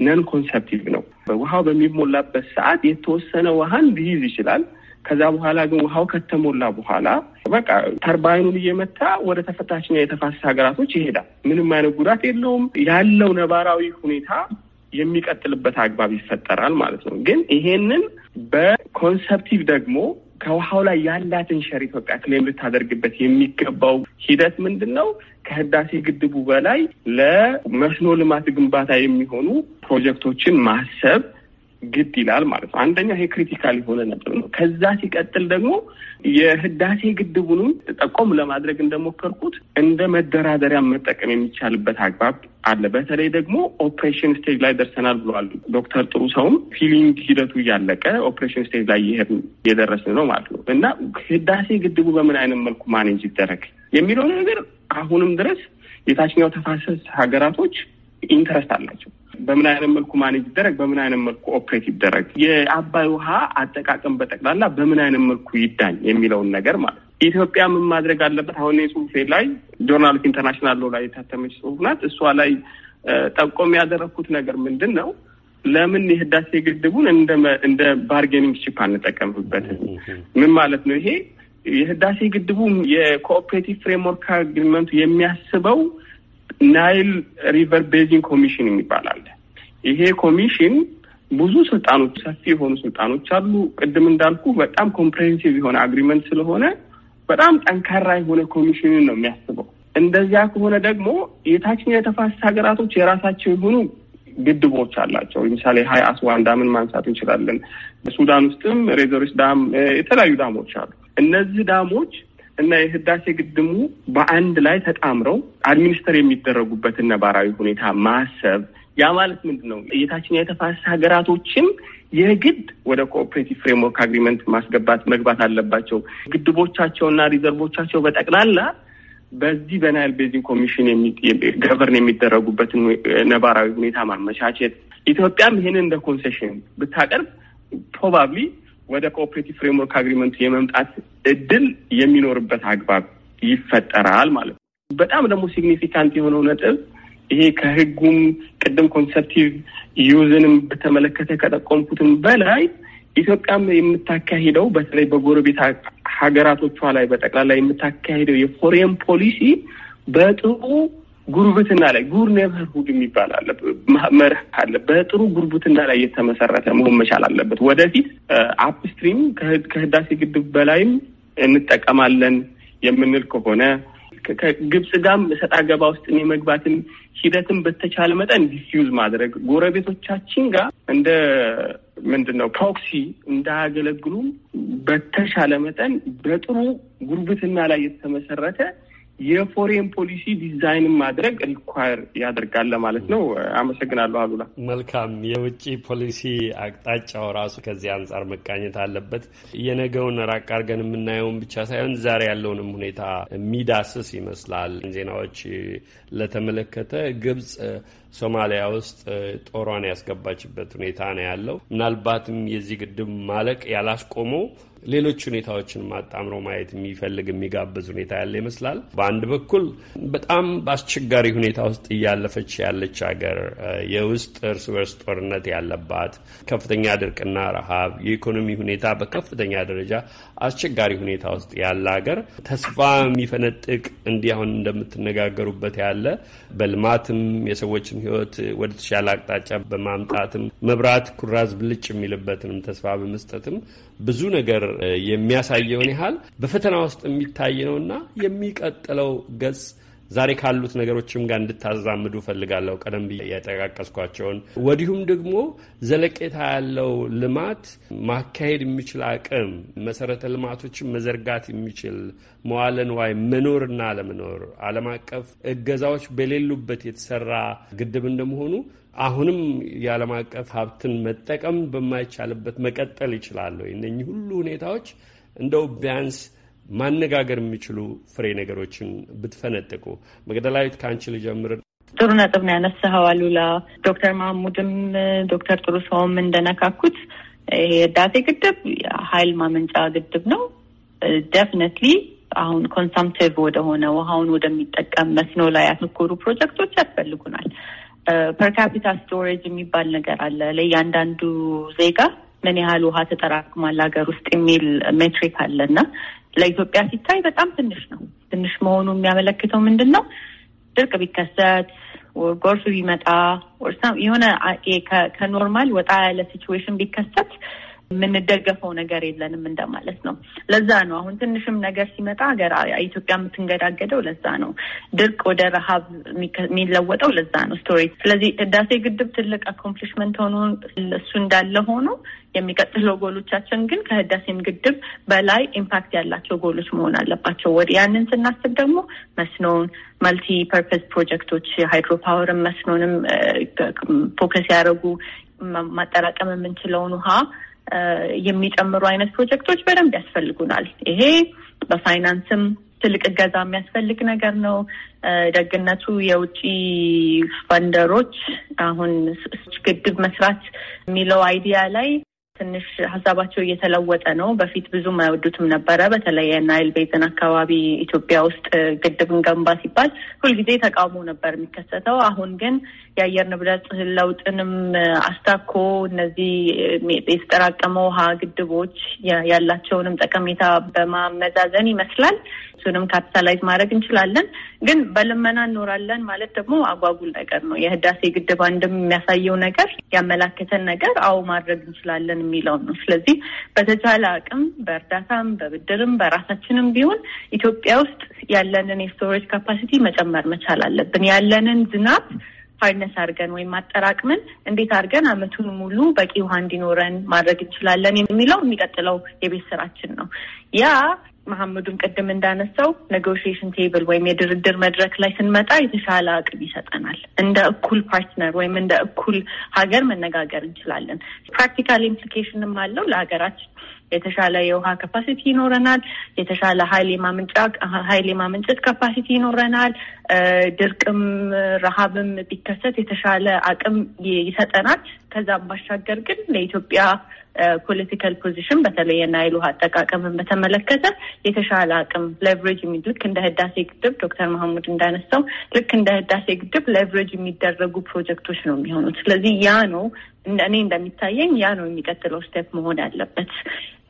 ነን ኮንሰፕቲቭ ነው። ውሃው በሚሞላበት ሰዓት የተወሰነ ውሃን ሊይዝ ይችላል። ከዛ በኋላ ግን ውሃው ከተሞላ በኋላ በቃ ተርባይኑን እየመታ ወደ ተፈታችኛ የተፋሰስ ሀገራቶች ይሄዳል። ምንም አይነት ጉዳት የለውም። ያለው ነባራዊ ሁኔታ የሚቀጥልበት አግባብ ይፈጠራል ማለት ነው። ግን ይሄንን በኮንሰፕቲቭ ደግሞ ከውሃው ላይ ያላትን ሸር ኢትዮጵያ ክሌም ልታደርግበት የሚገባው ሂደት ምንድን ነው? ከህዳሴ ግድቡ በላይ ለመስኖ ልማት ግንባታ የሚሆኑ ፕሮጀክቶችን ማሰብ ግድ ይላል ማለት ነው። አንደኛ ይሄ ክሪቲካል የሆነ ነጥብ ነው። ከዛ ሲቀጥል ደግሞ የህዳሴ ግድቡንም ጠቆም ለማድረግ እንደሞከርኩት እንደ መደራደሪያ መጠቀም የሚቻልበት አግባብ አለ። በተለይ ደግሞ ኦፕሬሽን ስቴጅ ላይ ደርሰናል ብለዋል ዶክተር ጥሩ ሰውም ፊሊንግ ሂደቱ እያለቀ ኦፕሬሽን ስቴጅ ላይ ይሄ የደረስን ነው ማለት ነው እና ህዳሴ ግድቡ በምን አይነት መልኩ ማኔጅ ይደረግ የሚለው ነገር አሁንም ድረስ የታችኛው ተፋሰስ ሀገራቶች ኢንተረስት አላቸው። በምን አይነት መልኩ ማኔጅ ይደረግ፣ በምን አይነት መልኩ ኦፕሬት ይደረግ፣ የአባይ ውሃ አጠቃቀም በጠቅላላ በምን አይነት መልኩ ይዳኝ የሚለውን ነገር ማለት ነው። ኢትዮጵያ ምን ማድረግ አለበት? አሁን ጽሁፌ ላይ ጆርናሊስት ኢንተርናሽናል ላይ የታተመች ጽሁፍ ናት። እሷ ላይ ጠቆም ያደረግኩት ነገር ምንድን ነው? ለምን የህዳሴ ግድቡን እንደ ባርጌኒንግ ቺፕ አንጠቀምበትም? ምን ማለት ነው ይሄ? የህዳሴ ግድቡ የኮኦፕሬቲቭ ፍሬምወርክ አግሪመንቱ የሚያስበው ናይል ሪቨር ቤዚን ኮሚሽን የሚባል አለ። ይሄ ኮሚሽን ብዙ ስልጣኖች፣ ሰፊ የሆኑ ስልጣኖች አሉ። ቅድም እንዳልኩ በጣም ኮምፕሬሄንሲቭ የሆነ አግሪመንት ስለሆነ በጣም ጠንካራ የሆነ ኮሚሽንን ነው የሚያስበው። እንደዚያ ከሆነ ደግሞ የታችኛው የተፋሰስ ሀገራቶች የራሳቸው የሆኑ ግድቦች አላቸው። ለምሳሌ ሀይ አስዋን ዳምን ማንሳት እንችላለን። በሱዳን ውስጥም ሬዘርስ ዳም፣ የተለያዩ ዳሞች አሉ። እነዚህ ዳሞች እና የህዳሴ ግድሙ በአንድ ላይ ተጣምረው አድሚኒስተር የሚደረጉበትን ነባራዊ ሁኔታ ማሰብ ያ ማለት ምንድን ነው? የታችኛ የተፋሰስ ሀገራቶችም የግድ ወደ ኮኦፕሬቲቭ ፍሬምወርክ አግሪመንት ማስገባት መግባት አለባቸው። ግድቦቻቸውና ሪዘርቮቻቸው በጠቅላላ በዚህ በናይል ቤዚን ኮሚሽን ገቨርን የሚደረጉበትን ነባራዊ ሁኔታ ማመቻቸት ኢትዮጵያም ይህንን እንደ ኮንሴሽን ብታቀርብ ፕሮባብሊ ወደ ኮኦፕሬቲቭ ፍሬምወርክ አግሪመንቱ የመምጣት እድል የሚኖርበት አግባብ ይፈጠራል ማለት ነው። በጣም ደግሞ ሲግኒፊካንት የሆነው ነጥብ ይሄ ከህጉም ቅድም ኮንሰፕቲቭ ዩዝንም በተመለከተ ከጠቆምኩትም በላይ ኢትዮጵያም የምታካሂደው በተለይ በጎረቤት ሀገራቶቿ ላይ በጠቅላላ የምታካሂደው የፎሬን ፖሊሲ በጥሩ ጉርብትና ላይ ጉር ኔቨር ሁድ የሚባል አለ መርህ አለ። በጥሩ ጉርብትና ላይ የተመሰረተ መሆን መቻል አለበት። ወደፊት አፕስትሪም ከህዳሴ ግድብ በላይም እንጠቀማለን የምንል ከሆነ ከግብጽ ጋርም እሰጥ አገባ ውስጥ የመግባትን ሂደትን በተቻለ መጠን ዲፊውዝ ማድረግ ጎረቤቶቻችን ጋር እንደ ምንድን ነው ፕሮክሲ እንዳያገለግሉም በተሻለ መጠን በጥሩ ጉርብትና ላይ የተመሰረተ የፎሬን ፖሊሲ ዲዛይን ማድረግ ሪኳየር ያደርጋል ለማለት ነው። አመሰግናለሁ አሉላ። መልካም የውጭ ፖሊሲ አቅጣጫው ራሱ ከዚህ አንጻር መቃኘት አለበት። የነገውን ራቅ አርገን የምናየውን ብቻ ሳይሆን ዛሬ ያለውንም ሁኔታ የሚዳስስ ይመስላል። ዜናዎች ለተመለከተ ግብጽ ሶማሊያ ውስጥ ጦሯን ያስገባችበት ሁኔታ ነው ያለው። ምናልባትም የዚህ ግድብ ማለቅ ያላስቆመው ሌሎች ሁኔታዎችን ማጣምሮ ማየት የሚፈልግ የሚጋብዝ ሁኔታ ያለ ይመስላል። በአንድ በኩል በጣም በአስቸጋሪ ሁኔታ ውስጥ እያለፈች ያለች ሀገር፣ የውስጥ እርስ በርስ ጦርነት ያለባት፣ ከፍተኛ ድርቅና ረሃብ፣ የኢኮኖሚ ሁኔታ በከፍተኛ ደረጃ አስቸጋሪ ሁኔታ ውስጥ ያለ ሀገር ተስፋ የሚፈነጥቅ እንዲህ አሁን እንደምትነጋገሩበት ያለ በልማትም የሰዎችን ህይወት ወደ ተሻለ አቅጣጫ በማምጣትም መብራት ኩራዝ ብልጭ የሚልበትንም ተስፋ በመስጠትም ብዙ ነገር የሚያሳየውን ያህል በፈተና ውስጥ የሚታይ ነውና የሚቀጥለው ገጽ ዛሬ ካሉት ነገሮችም ጋር እንድታዛምዱ ፈልጋለሁ። ቀደም ብዬ ያጠቃቀስኳቸውን ወዲሁም ደግሞ ዘለቄታ ያለው ልማት ማካሄድ የሚችል አቅም መሰረተ ልማቶችን መዘርጋት የሚችል መዋለ ንዋይ መኖርና አለመኖር ዓለም አቀፍ እገዛዎች በሌሉበት የተሰራ ግድብ እንደመሆኑ አሁንም የዓለም አቀፍ ሀብትን መጠቀም በማይቻልበት መቀጠል ይችላሉ። እነኚህ ሁሉ ሁኔታዎች እንደው ቢያንስ ማነጋገር የሚችሉ ፍሬ ነገሮችን ብትፈነጥቁ። መቅደላዊት ከአንቺ ልጀምር። ጥሩ ነጥብ ነው ያነሳኸው አሉላ። ዶክተር ማህሙድም ዶክተር ጥሩ ሰውም እንደነካኩት ይሄ ህዳሴ ግድብ ኃይል ማመንጫ ግድብ ነው። ደፍነትሊ አሁን ኮንሳምፕቲቭ ወደሆነ ውሃውን ወደሚጠቀም መስኖ ላይ ያተኮሩ ፕሮጀክቶች ያስፈልጉናል። ፐርካፒታ ስቶሬጅ የሚባል ነገር አለ። ለእያንዳንዱ ዜጋ ምን ያህል ውሃ ተጠራቅሟል ሀገር ውስጥ የሚል ሜትሪክ አለና ለኢትዮጵያ ሲታይ በጣም ትንሽ ነው። ትንሽ መሆኑ የሚያመለክተው ምንድን ነው? ድርቅ ቢከሰት ጎርፍ ቢመጣ የሆነ ከኖርማል ወጣ ያለ ሲቹዌሽን ቢከሰት የምንደገፈው ነገር የለንም እንደማለት ነው። ለዛ ነው አሁን ትንሽም ነገር ሲመጣ ሀገር ኢትዮጵያ የምትንገዳገደው። ለዛ ነው ድርቅ ወደ ረሀብ የሚለወጠው። ለዛ ነው ስቶሪ። ስለዚህ ህዳሴ ግድብ ትልቅ አኮምፕሊሽመንት ሆኖ እሱ እንዳለ ሆኖ የሚቀጥለው ጎሎቻችን ግን ከህዳሴም ግድብ በላይ ኢምፓክት ያላቸው ጎሎች መሆን አለባቸው። ወደ ያንን ስናስብ ደግሞ መስኖን፣ መልቲ ፐርፐስ ፕሮጀክቶች ሃይድሮፓወርን፣ መስኖንም ፎከስ ያደረጉ ማጠራቀም የምንችለውን ውሃ የሚጨምሩ አይነት ፕሮጀክቶች በደንብ ያስፈልጉናል። ይሄ በፋይናንስም ትልቅ እገዛ የሚያስፈልግ ነገር ነው። ደግነቱ የውጭ ፈንደሮች አሁን ግድብ መስራት የሚለው አይዲያ ላይ ትንሽ ሀሳባቸው እየተለወጠ ነው። በፊት ብዙም አይወዱትም ነበረ። በተለይ ናይል ቤዝን አካባቢ ኢትዮጵያ ውስጥ ግድብን ገንባ ሲባል ሁልጊዜ ተቃውሞ ነበር የሚከሰተው። አሁን ግን የአየር ንብረት ለውጥንም አስታኮ እነዚህ የተጠራቀመ ውሃ ግድቦች ያላቸውንም ጠቀሜታ በማመዛዘን ይመስላል ሌሎቹንም ካፒታላይዝ ማድረግ እንችላለን። ግን በልመና እንኖራለን ማለት ደግሞ አጓጉል ነገር ነው። የህዳሴ ግድብ አንድም የሚያሳየው ነገር ያመላከተን ነገር አዎ ማድረግ እንችላለን የሚለው ነው። ስለዚህ በተቻለ አቅም በእርዳታም በብድርም በራሳችንም ቢሆን ኢትዮጵያ ውስጥ ያለንን የስቶሬጅ ካፓሲቲ መጨመር መቻል አለብን። ያለንን ዝናብ ፋይነስ አድርገን ወይም አጠራቅመን እንዴት አድርገን አመቱን ሙሉ በቂ ውሃ እንዲኖረን ማድረግ እንችላለን የሚለው የሚቀጥለው የቤት ስራችን ነው። ያ መሐመዱን ቅድም እንዳነሳው ኔጎሽሽን ቴብል ወይም የድርድር መድረክ ላይ ስንመጣ የተሻለ አቅም ይሰጠናል። እንደ እኩል ፓርትነር ወይም እንደ እኩል ሀገር መነጋገር እንችላለን። ፕራክቲካል ኢምፕሊኬሽንም አለው ለሀገራችን የተሻለ የውሃ ካፓሲቲ ይኖረናል። የተሻለ ሀይል የማመንጫ ሀይል የማመንጨት ካፓሲቲ ይኖረናል። ድርቅም ረሃብም ቢከሰት የተሻለ አቅም ይሰጠናል። ከዛም ባሻገር ግን ለኢትዮጵያ ፖለቲካል ፖዚሽን በተለይ የናይል ውሃ አጠቃቀምን በተመለከተ የተሻለ አቅም ሌቨሬጅ ልክ እንደ ህዳሴ ግድብ ዶክተር መሀሙድ እንዳነሳው ልክ እንደ ህዳሴ ግድብ ሌቨሬጅ የሚደረጉ ፕሮጀክቶች ነው የሚሆኑት። ስለዚህ ያ ነው እኔ እንደሚታየኝ ያ ነው የሚቀጥለው ስቴፕ መሆን ያለበት።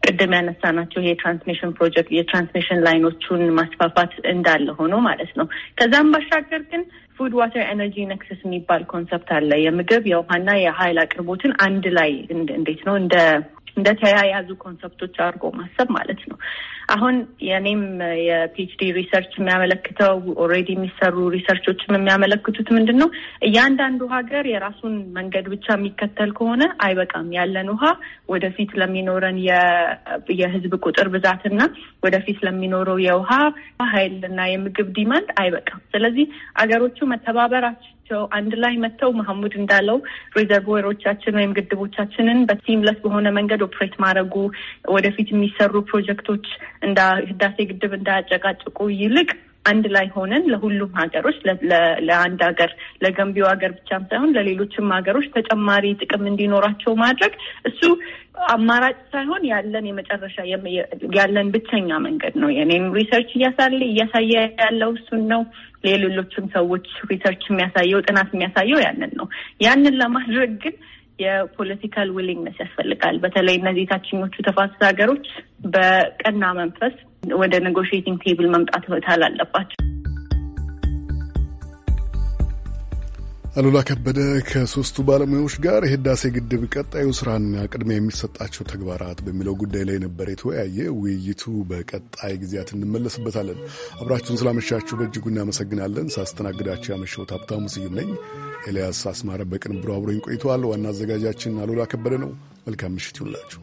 ቅድም ያነሳናቸው የትራንስሚሽን ፕሮጀክት የትራንስሚሽን ላይኖቹን ማስፋፋት እንዳለ ሆኖ ማለት ነው። ከዛም ባሻገር ግን ፉድ ዋተር ኤነርጂ ነክሰስ የሚባል ኮንሰፕት አለ። የምግብ የውሃና የሀይል አቅርቦትን አንድ ላይ እንዴት ነው እንደ እንደተያያዙ ኮንሰፕቶች አድርጎ ማሰብ ማለት ነው። አሁን የኔም የፒኤችዲ ሪሰርች የሚያመለክተው ኦልሬዲ የሚሰሩ ሪሰርቾችም የሚያመለክቱት ምንድን ነው፣ እያንዳንዱ ሀገር የራሱን መንገድ ብቻ የሚከተል ከሆነ አይበቃም። ያለን ውሃ ወደፊት ለሚኖረን የህዝብ ቁጥር ብዛትና ወደፊት ለሚኖረው የውሃ ኃይልና የምግብ ዲማንድ አይበቃም። ስለዚህ አገሮቹ መተባበራቸው ናቸው። አንድ ላይ መጥተው መሐሙድ እንዳለው ሪዘርቮሮቻችን ወይም ግድቦቻችንን በሲምለስ በሆነ መንገድ ኦፕሬት ማድረጉ ወደፊት የሚሰሩ ፕሮጀክቶች እንደ ህዳሴ ግድብ እንዳያጨቃጭቁ ይልቅ አንድ ላይ ሆነን ለሁሉም ሀገሮች ለአንድ ሀገር ለገንቢው ሀገር ብቻም ሳይሆን ለሌሎችም ሀገሮች ተጨማሪ ጥቅም እንዲኖራቸው ማድረግ እሱ አማራጭ ሳይሆን ያለን የመጨረሻ ያለን ብቸኛ መንገድ ነው። የኔም ሪሰርች እያሳለ እያሳየ ያለው እሱን ነው። ለሌሎችም ሰዎች ሪሰርች የሚያሳየው ጥናት የሚያሳየው ያንን ነው። ያንን ለማድረግ ግን የፖለቲካል ዊሊንግነስ ያስፈልጋል። በተለይ እነዚህ ታችኞቹ ተፋሰስ ሀገሮች በቀና መንፈስ ወደ ኔጎሽቲንግ ቴብል መምጣት ታል አለባቸው። አሉላ ከበደ ከሶስቱ ባለሙያዎች ጋር የህዳሴ ግድብ ቀጣዩ ስራና ቅድሚያ የሚሰጣቸው ተግባራት በሚለው ጉዳይ ላይ ነበር የተወያየ። ውይይቱ በቀጣይ ጊዜያት እንመለስበታለን። አብራችሁን ስላመሻችሁ በእጅጉ እናመሰግናለን። ሳስተናግዳችሁ ያመሸሁት ሀብታሙ ስዩም ነኝ። ኤልያስ አስማረ በቅንብሩ አብሮኝ ቆይተዋል። ዋና አዘጋጃችን አሉላ ከበደ ነው። መልካም ምሽት ይሁንላችሁ።